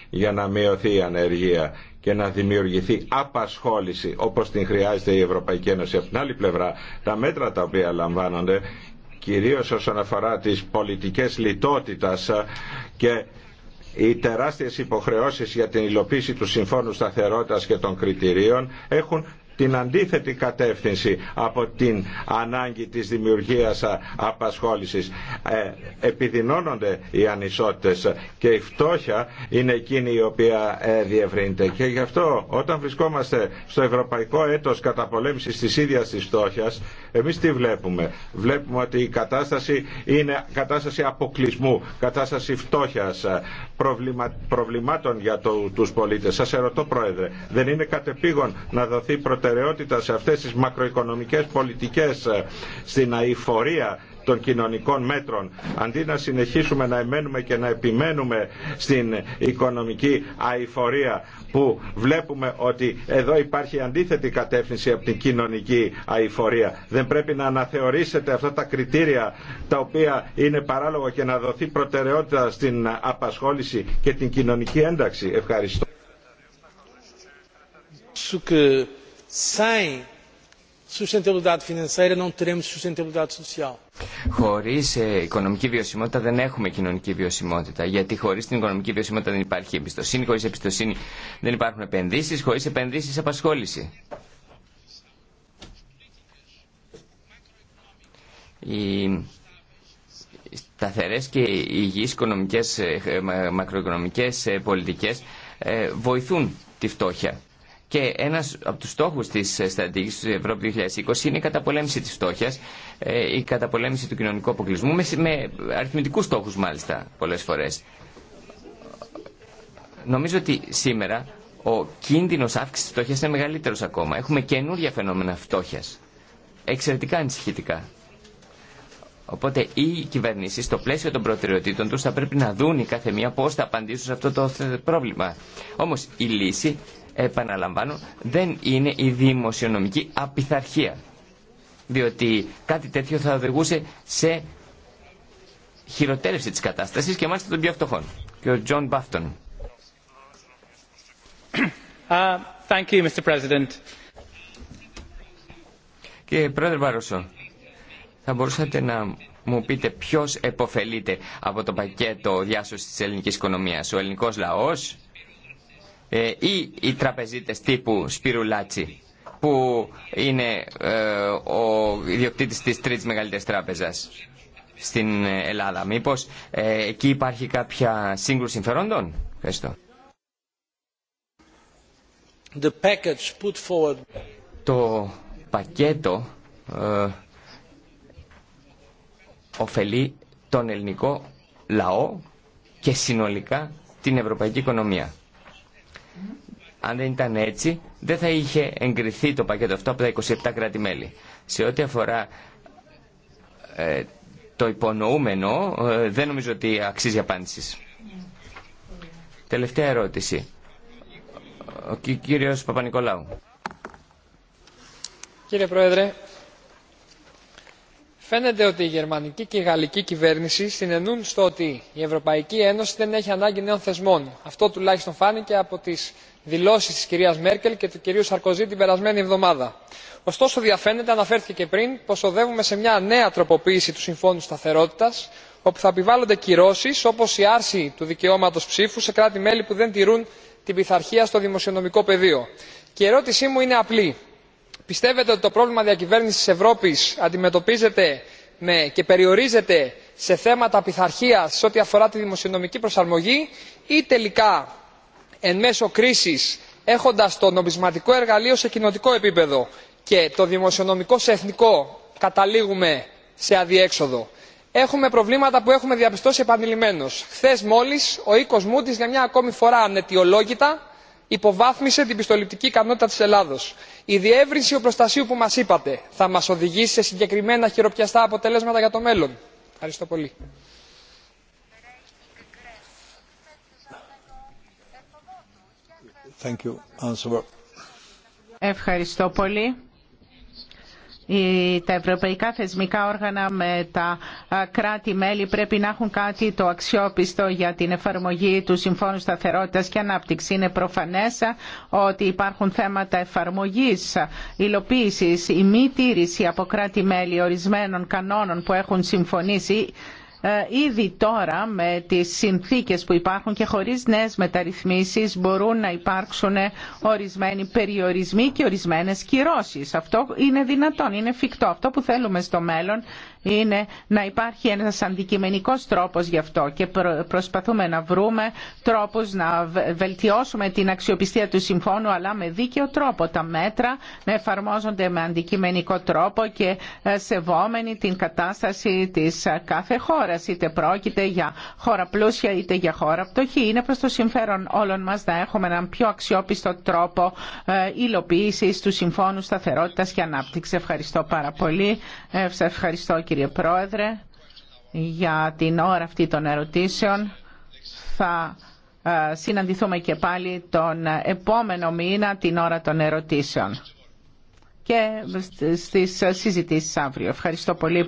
για να μειωθεί η ανεργία και να δημιουργηθεί απασχόληση όπως την χρειάζεται η Ευρωπαϊκή Ένωση. Από την άλλη πλευρά, τα μέτρα τα οποία λαμβάνονται κυρίως όσον αφορά τις πολιτικές λιτότητας και οι τεράστιες υποχρεώσεις για την υλοποίηση του Συμφώνου Σταθερότητας και των Κριτηρίων έχουν την αντίθετη κατεύθυνση από την ανάγκη της δημιουργίας απασχόλησης. Ε, επιδεινώνονται οι ανισότητες και η φτώχεια είναι εκείνη η οποία ε, διευρύνεται. Και γι' αυτό όταν βρισκόμαστε στο ευρωπαϊκό έτος καταπολέμησης της ίδιας της φτώχειας, εμείς τι βλέπουμε. Βλέπουμε ότι η κατάσταση είναι κατάσταση αποκλεισμού, κατάσταση φτώχειας, ε, προβλημάτων για το, τους πολίτες. Σας ερωτώ Πρόεδρε, δεν είναι κατεπήγον να δοθεί προτεραιότητα προτεραιότητα σε αυτές τις μακροοικονομικές πολιτικές ε, στην αηφορία των κοινωνικών μέτρων αντί να συνεχίσουμε να εμένουμε και να επιμένουμε στην οικονομική αηφορία που βλέπουμε ότι εδώ υπάρχει αντίθετη κατεύθυνση από την κοινωνική αηφορία. Δεν πρέπει να αναθεωρήσετε αυτά τα κριτήρια τα οποία είναι παράλογο και να δοθεί προτεραιότητα στην απασχόληση και την κοινωνική ένταξη. Ευχαριστώ. Sem sustentabilidade financeira não teremos sustentabilidade social. Χωρίς ε, οικονομική βιωσιμότητα δεν έχουμε κοινωνική βιωσιμότητα. Γιατί χωρίς την οικονομική βιωσιμότητα δεν υπάρχει εμπιστοσύνη, χωρίς εμπιστοσύνη δεν υπάρχουν επενδύσεις, χωρίς επενδύσεις απασχόληση. Οι σταθερές και υγιείς οικονομικές, ε, ε, μακροοικονομικές πολιτικές βοηθούν τη φτώχεια. Και ένα από του στόχου τη ε, στρατηγικής του Ευρώπη 2020 είναι η καταπολέμηση τη φτώχεια, ε, η καταπολέμηση του κοινωνικού αποκλεισμού, με αριθμητικού στόχου μάλιστα πολλέ φορέ. Νομίζω ότι σήμερα ο κίνδυνο αύξηση τη φτώχεια είναι μεγαλύτερο ακόμα. Έχουμε καινούργια φαινόμενα φτώχεια. Εξαιρετικά ανησυχητικά. Οπότε οι κυβερνήσει στο πλαίσιο των προτεραιοτήτων του θα πρέπει να δουν η κάθε μία πώ θα απαντήσουν σε αυτό το πρόβλημα. Όμω η λύση επαναλαμβάνω, δεν είναι η δημοσιονομική απειθαρχία. Διότι κάτι τέτοιο θα οδηγούσε σε χειροτέρευση της κατάστασης και μάλιστα των πιο φτωχών. Και ο Τζον Μπάφτον. Uh, Κύριε Πρόεδρε Μπαρούσο, θα μπορούσατε να μου πείτε ποιος επωφελείται από το πακέτο διάσωσης της ελληνικής οικονομίας, ο ελληνικός λαός, ε, ή οι τραπεζίτες τύπου Σπυρουλάτσι που είναι ε, ο ιδιοκτήτης της τρίτης μεγαλύτερης τράπεζας στην ε, Ελλάδα. Μήπως εκεί υπάρχει κάποια σύγκρουση συμφερόντων. Ευχαριστώ. The package put forward. Το πακέτο ε, ωφελεί τον ελληνικό λαό και συνολικά την ευρωπαϊκή οικονομία. Αν δεν ήταν έτσι, δεν θα είχε εγκριθεί το πακέτο αυτό από τα 27 κράτη-μέλη. Σε ό,τι αφορά ε, το υπονοούμενο, ε, δεν νομίζω ότι αξίζει απάντηση. Τελευταία ερώτηση. Ο κύριος Παπα-Νικολάου. Κύριε Πρόεδρε, φαίνεται ότι η γερμανική και η γαλλική κυβέρνηση συνενούν στο ότι η ευρωπαϊκή ένωση δεν έχει ανάγκη νέων θεσμών. αυτό τουλάχιστον φάνηκε από τι δηλώσει τη κυρία μέρκελ και του κυρίου σαρκοζή την περασμένη εβδομάδα. ωστόσο διαφαίνεται αναφέρθηκε και πριν πω οδεύουμε σε μια νέα τροποποίηση του συμφώνου σταθερότητα όπου θα επιβάλλονται κυρώσει όπω η άρση του δικαιώματο ψήφου σε κράτη μέλη που δεν τηρούν την πειθαρχία στο δημοσιονομικό πεδίο. η ερώτησή μου είναι απλή πιστεύετε ότι το πρόβλημα διακυβέρνησης της ευρώπης αντιμετωπίζεται και περιορίζεται σε θέματα πειθαρχίας σε ό,τι αφορά τη δημοσιονομική προσαρμογή ή τελικά εν μέσω κρίσης έχοντας το νομισματικό εργαλείο σε κοινοτικό επίπεδο και το δημοσιονομικό σε εθνικό καταλήγουμε σε αδιέξοδο. Έχουμε προβλήματα που έχουμε διαπιστώσει επανειλημμένως. Χθες μόλις ο οίκος Moody's για μια ακόμη φορά ανετιολόγητα υποβάθμισε την πιστοληπτική ικανότητα της Ελλάδος η διεύρυνση οπλοστασίου που μας είπατε θα μας οδηγήσει σε συγκεκριμένα χειροπιαστά αποτελέσματα για το μέλλον. Ευχαριστώ πολύ τα ευρωπαϊκά θεσμικά όργανα με τα κράτη-μέλη πρέπει να έχουν κάτι το αξιόπιστο για την εφαρμογή του Συμφώνου Σταθερότητας και Ανάπτυξη. Είναι προφανές ότι υπάρχουν θέματα εφαρμογής, υλοποίησης, η μη τήρηση από κράτη-μέλη ορισμένων κανόνων που έχουν συμφωνήσει ε, ήδη τώρα με τις συνθήκες που υπάρχουν και χωρίς νέες μεταρρυθμίσεις μπορούν να υπάρξουν ορισμένοι περιορισμοί και ορισμένες κυρώσεις. Αυτό είναι δυνατόν, είναι εφικτό. Αυτό που θέλουμε στο μέλλον είναι να υπάρχει ένας αντικειμενικός τρόπος γι' αυτό και προσπαθούμε να βρούμε τρόπους να βελτιώσουμε την αξιοπιστία του συμφώνου αλλά με δίκαιο τρόπο. Τα μέτρα να εφαρμόζονται με αντικειμενικό τρόπο και ε, σεβόμενοι την κατάσταση της ε, κάθε χώρας είτε πρόκειται για χώρα πλούσια είτε για χώρα πτωχή. Είναι προς το συμφέρον όλων μας να έχουμε έναν πιο αξιόπιστο τρόπο ε, υλοποίησης του Συμφώνου Σταθερότητας και ανάπτυξη. Ευχαριστώ πάρα πολύ. Ευχαριστώ κύριε Πρόεδρε για την ώρα αυτή των ερωτήσεων. Θα ε, συναντηθούμε και πάλι τον επόμενο μήνα την ώρα των ερωτήσεων και στις συζητήσεις αύριο. Ευχαριστώ πολύ.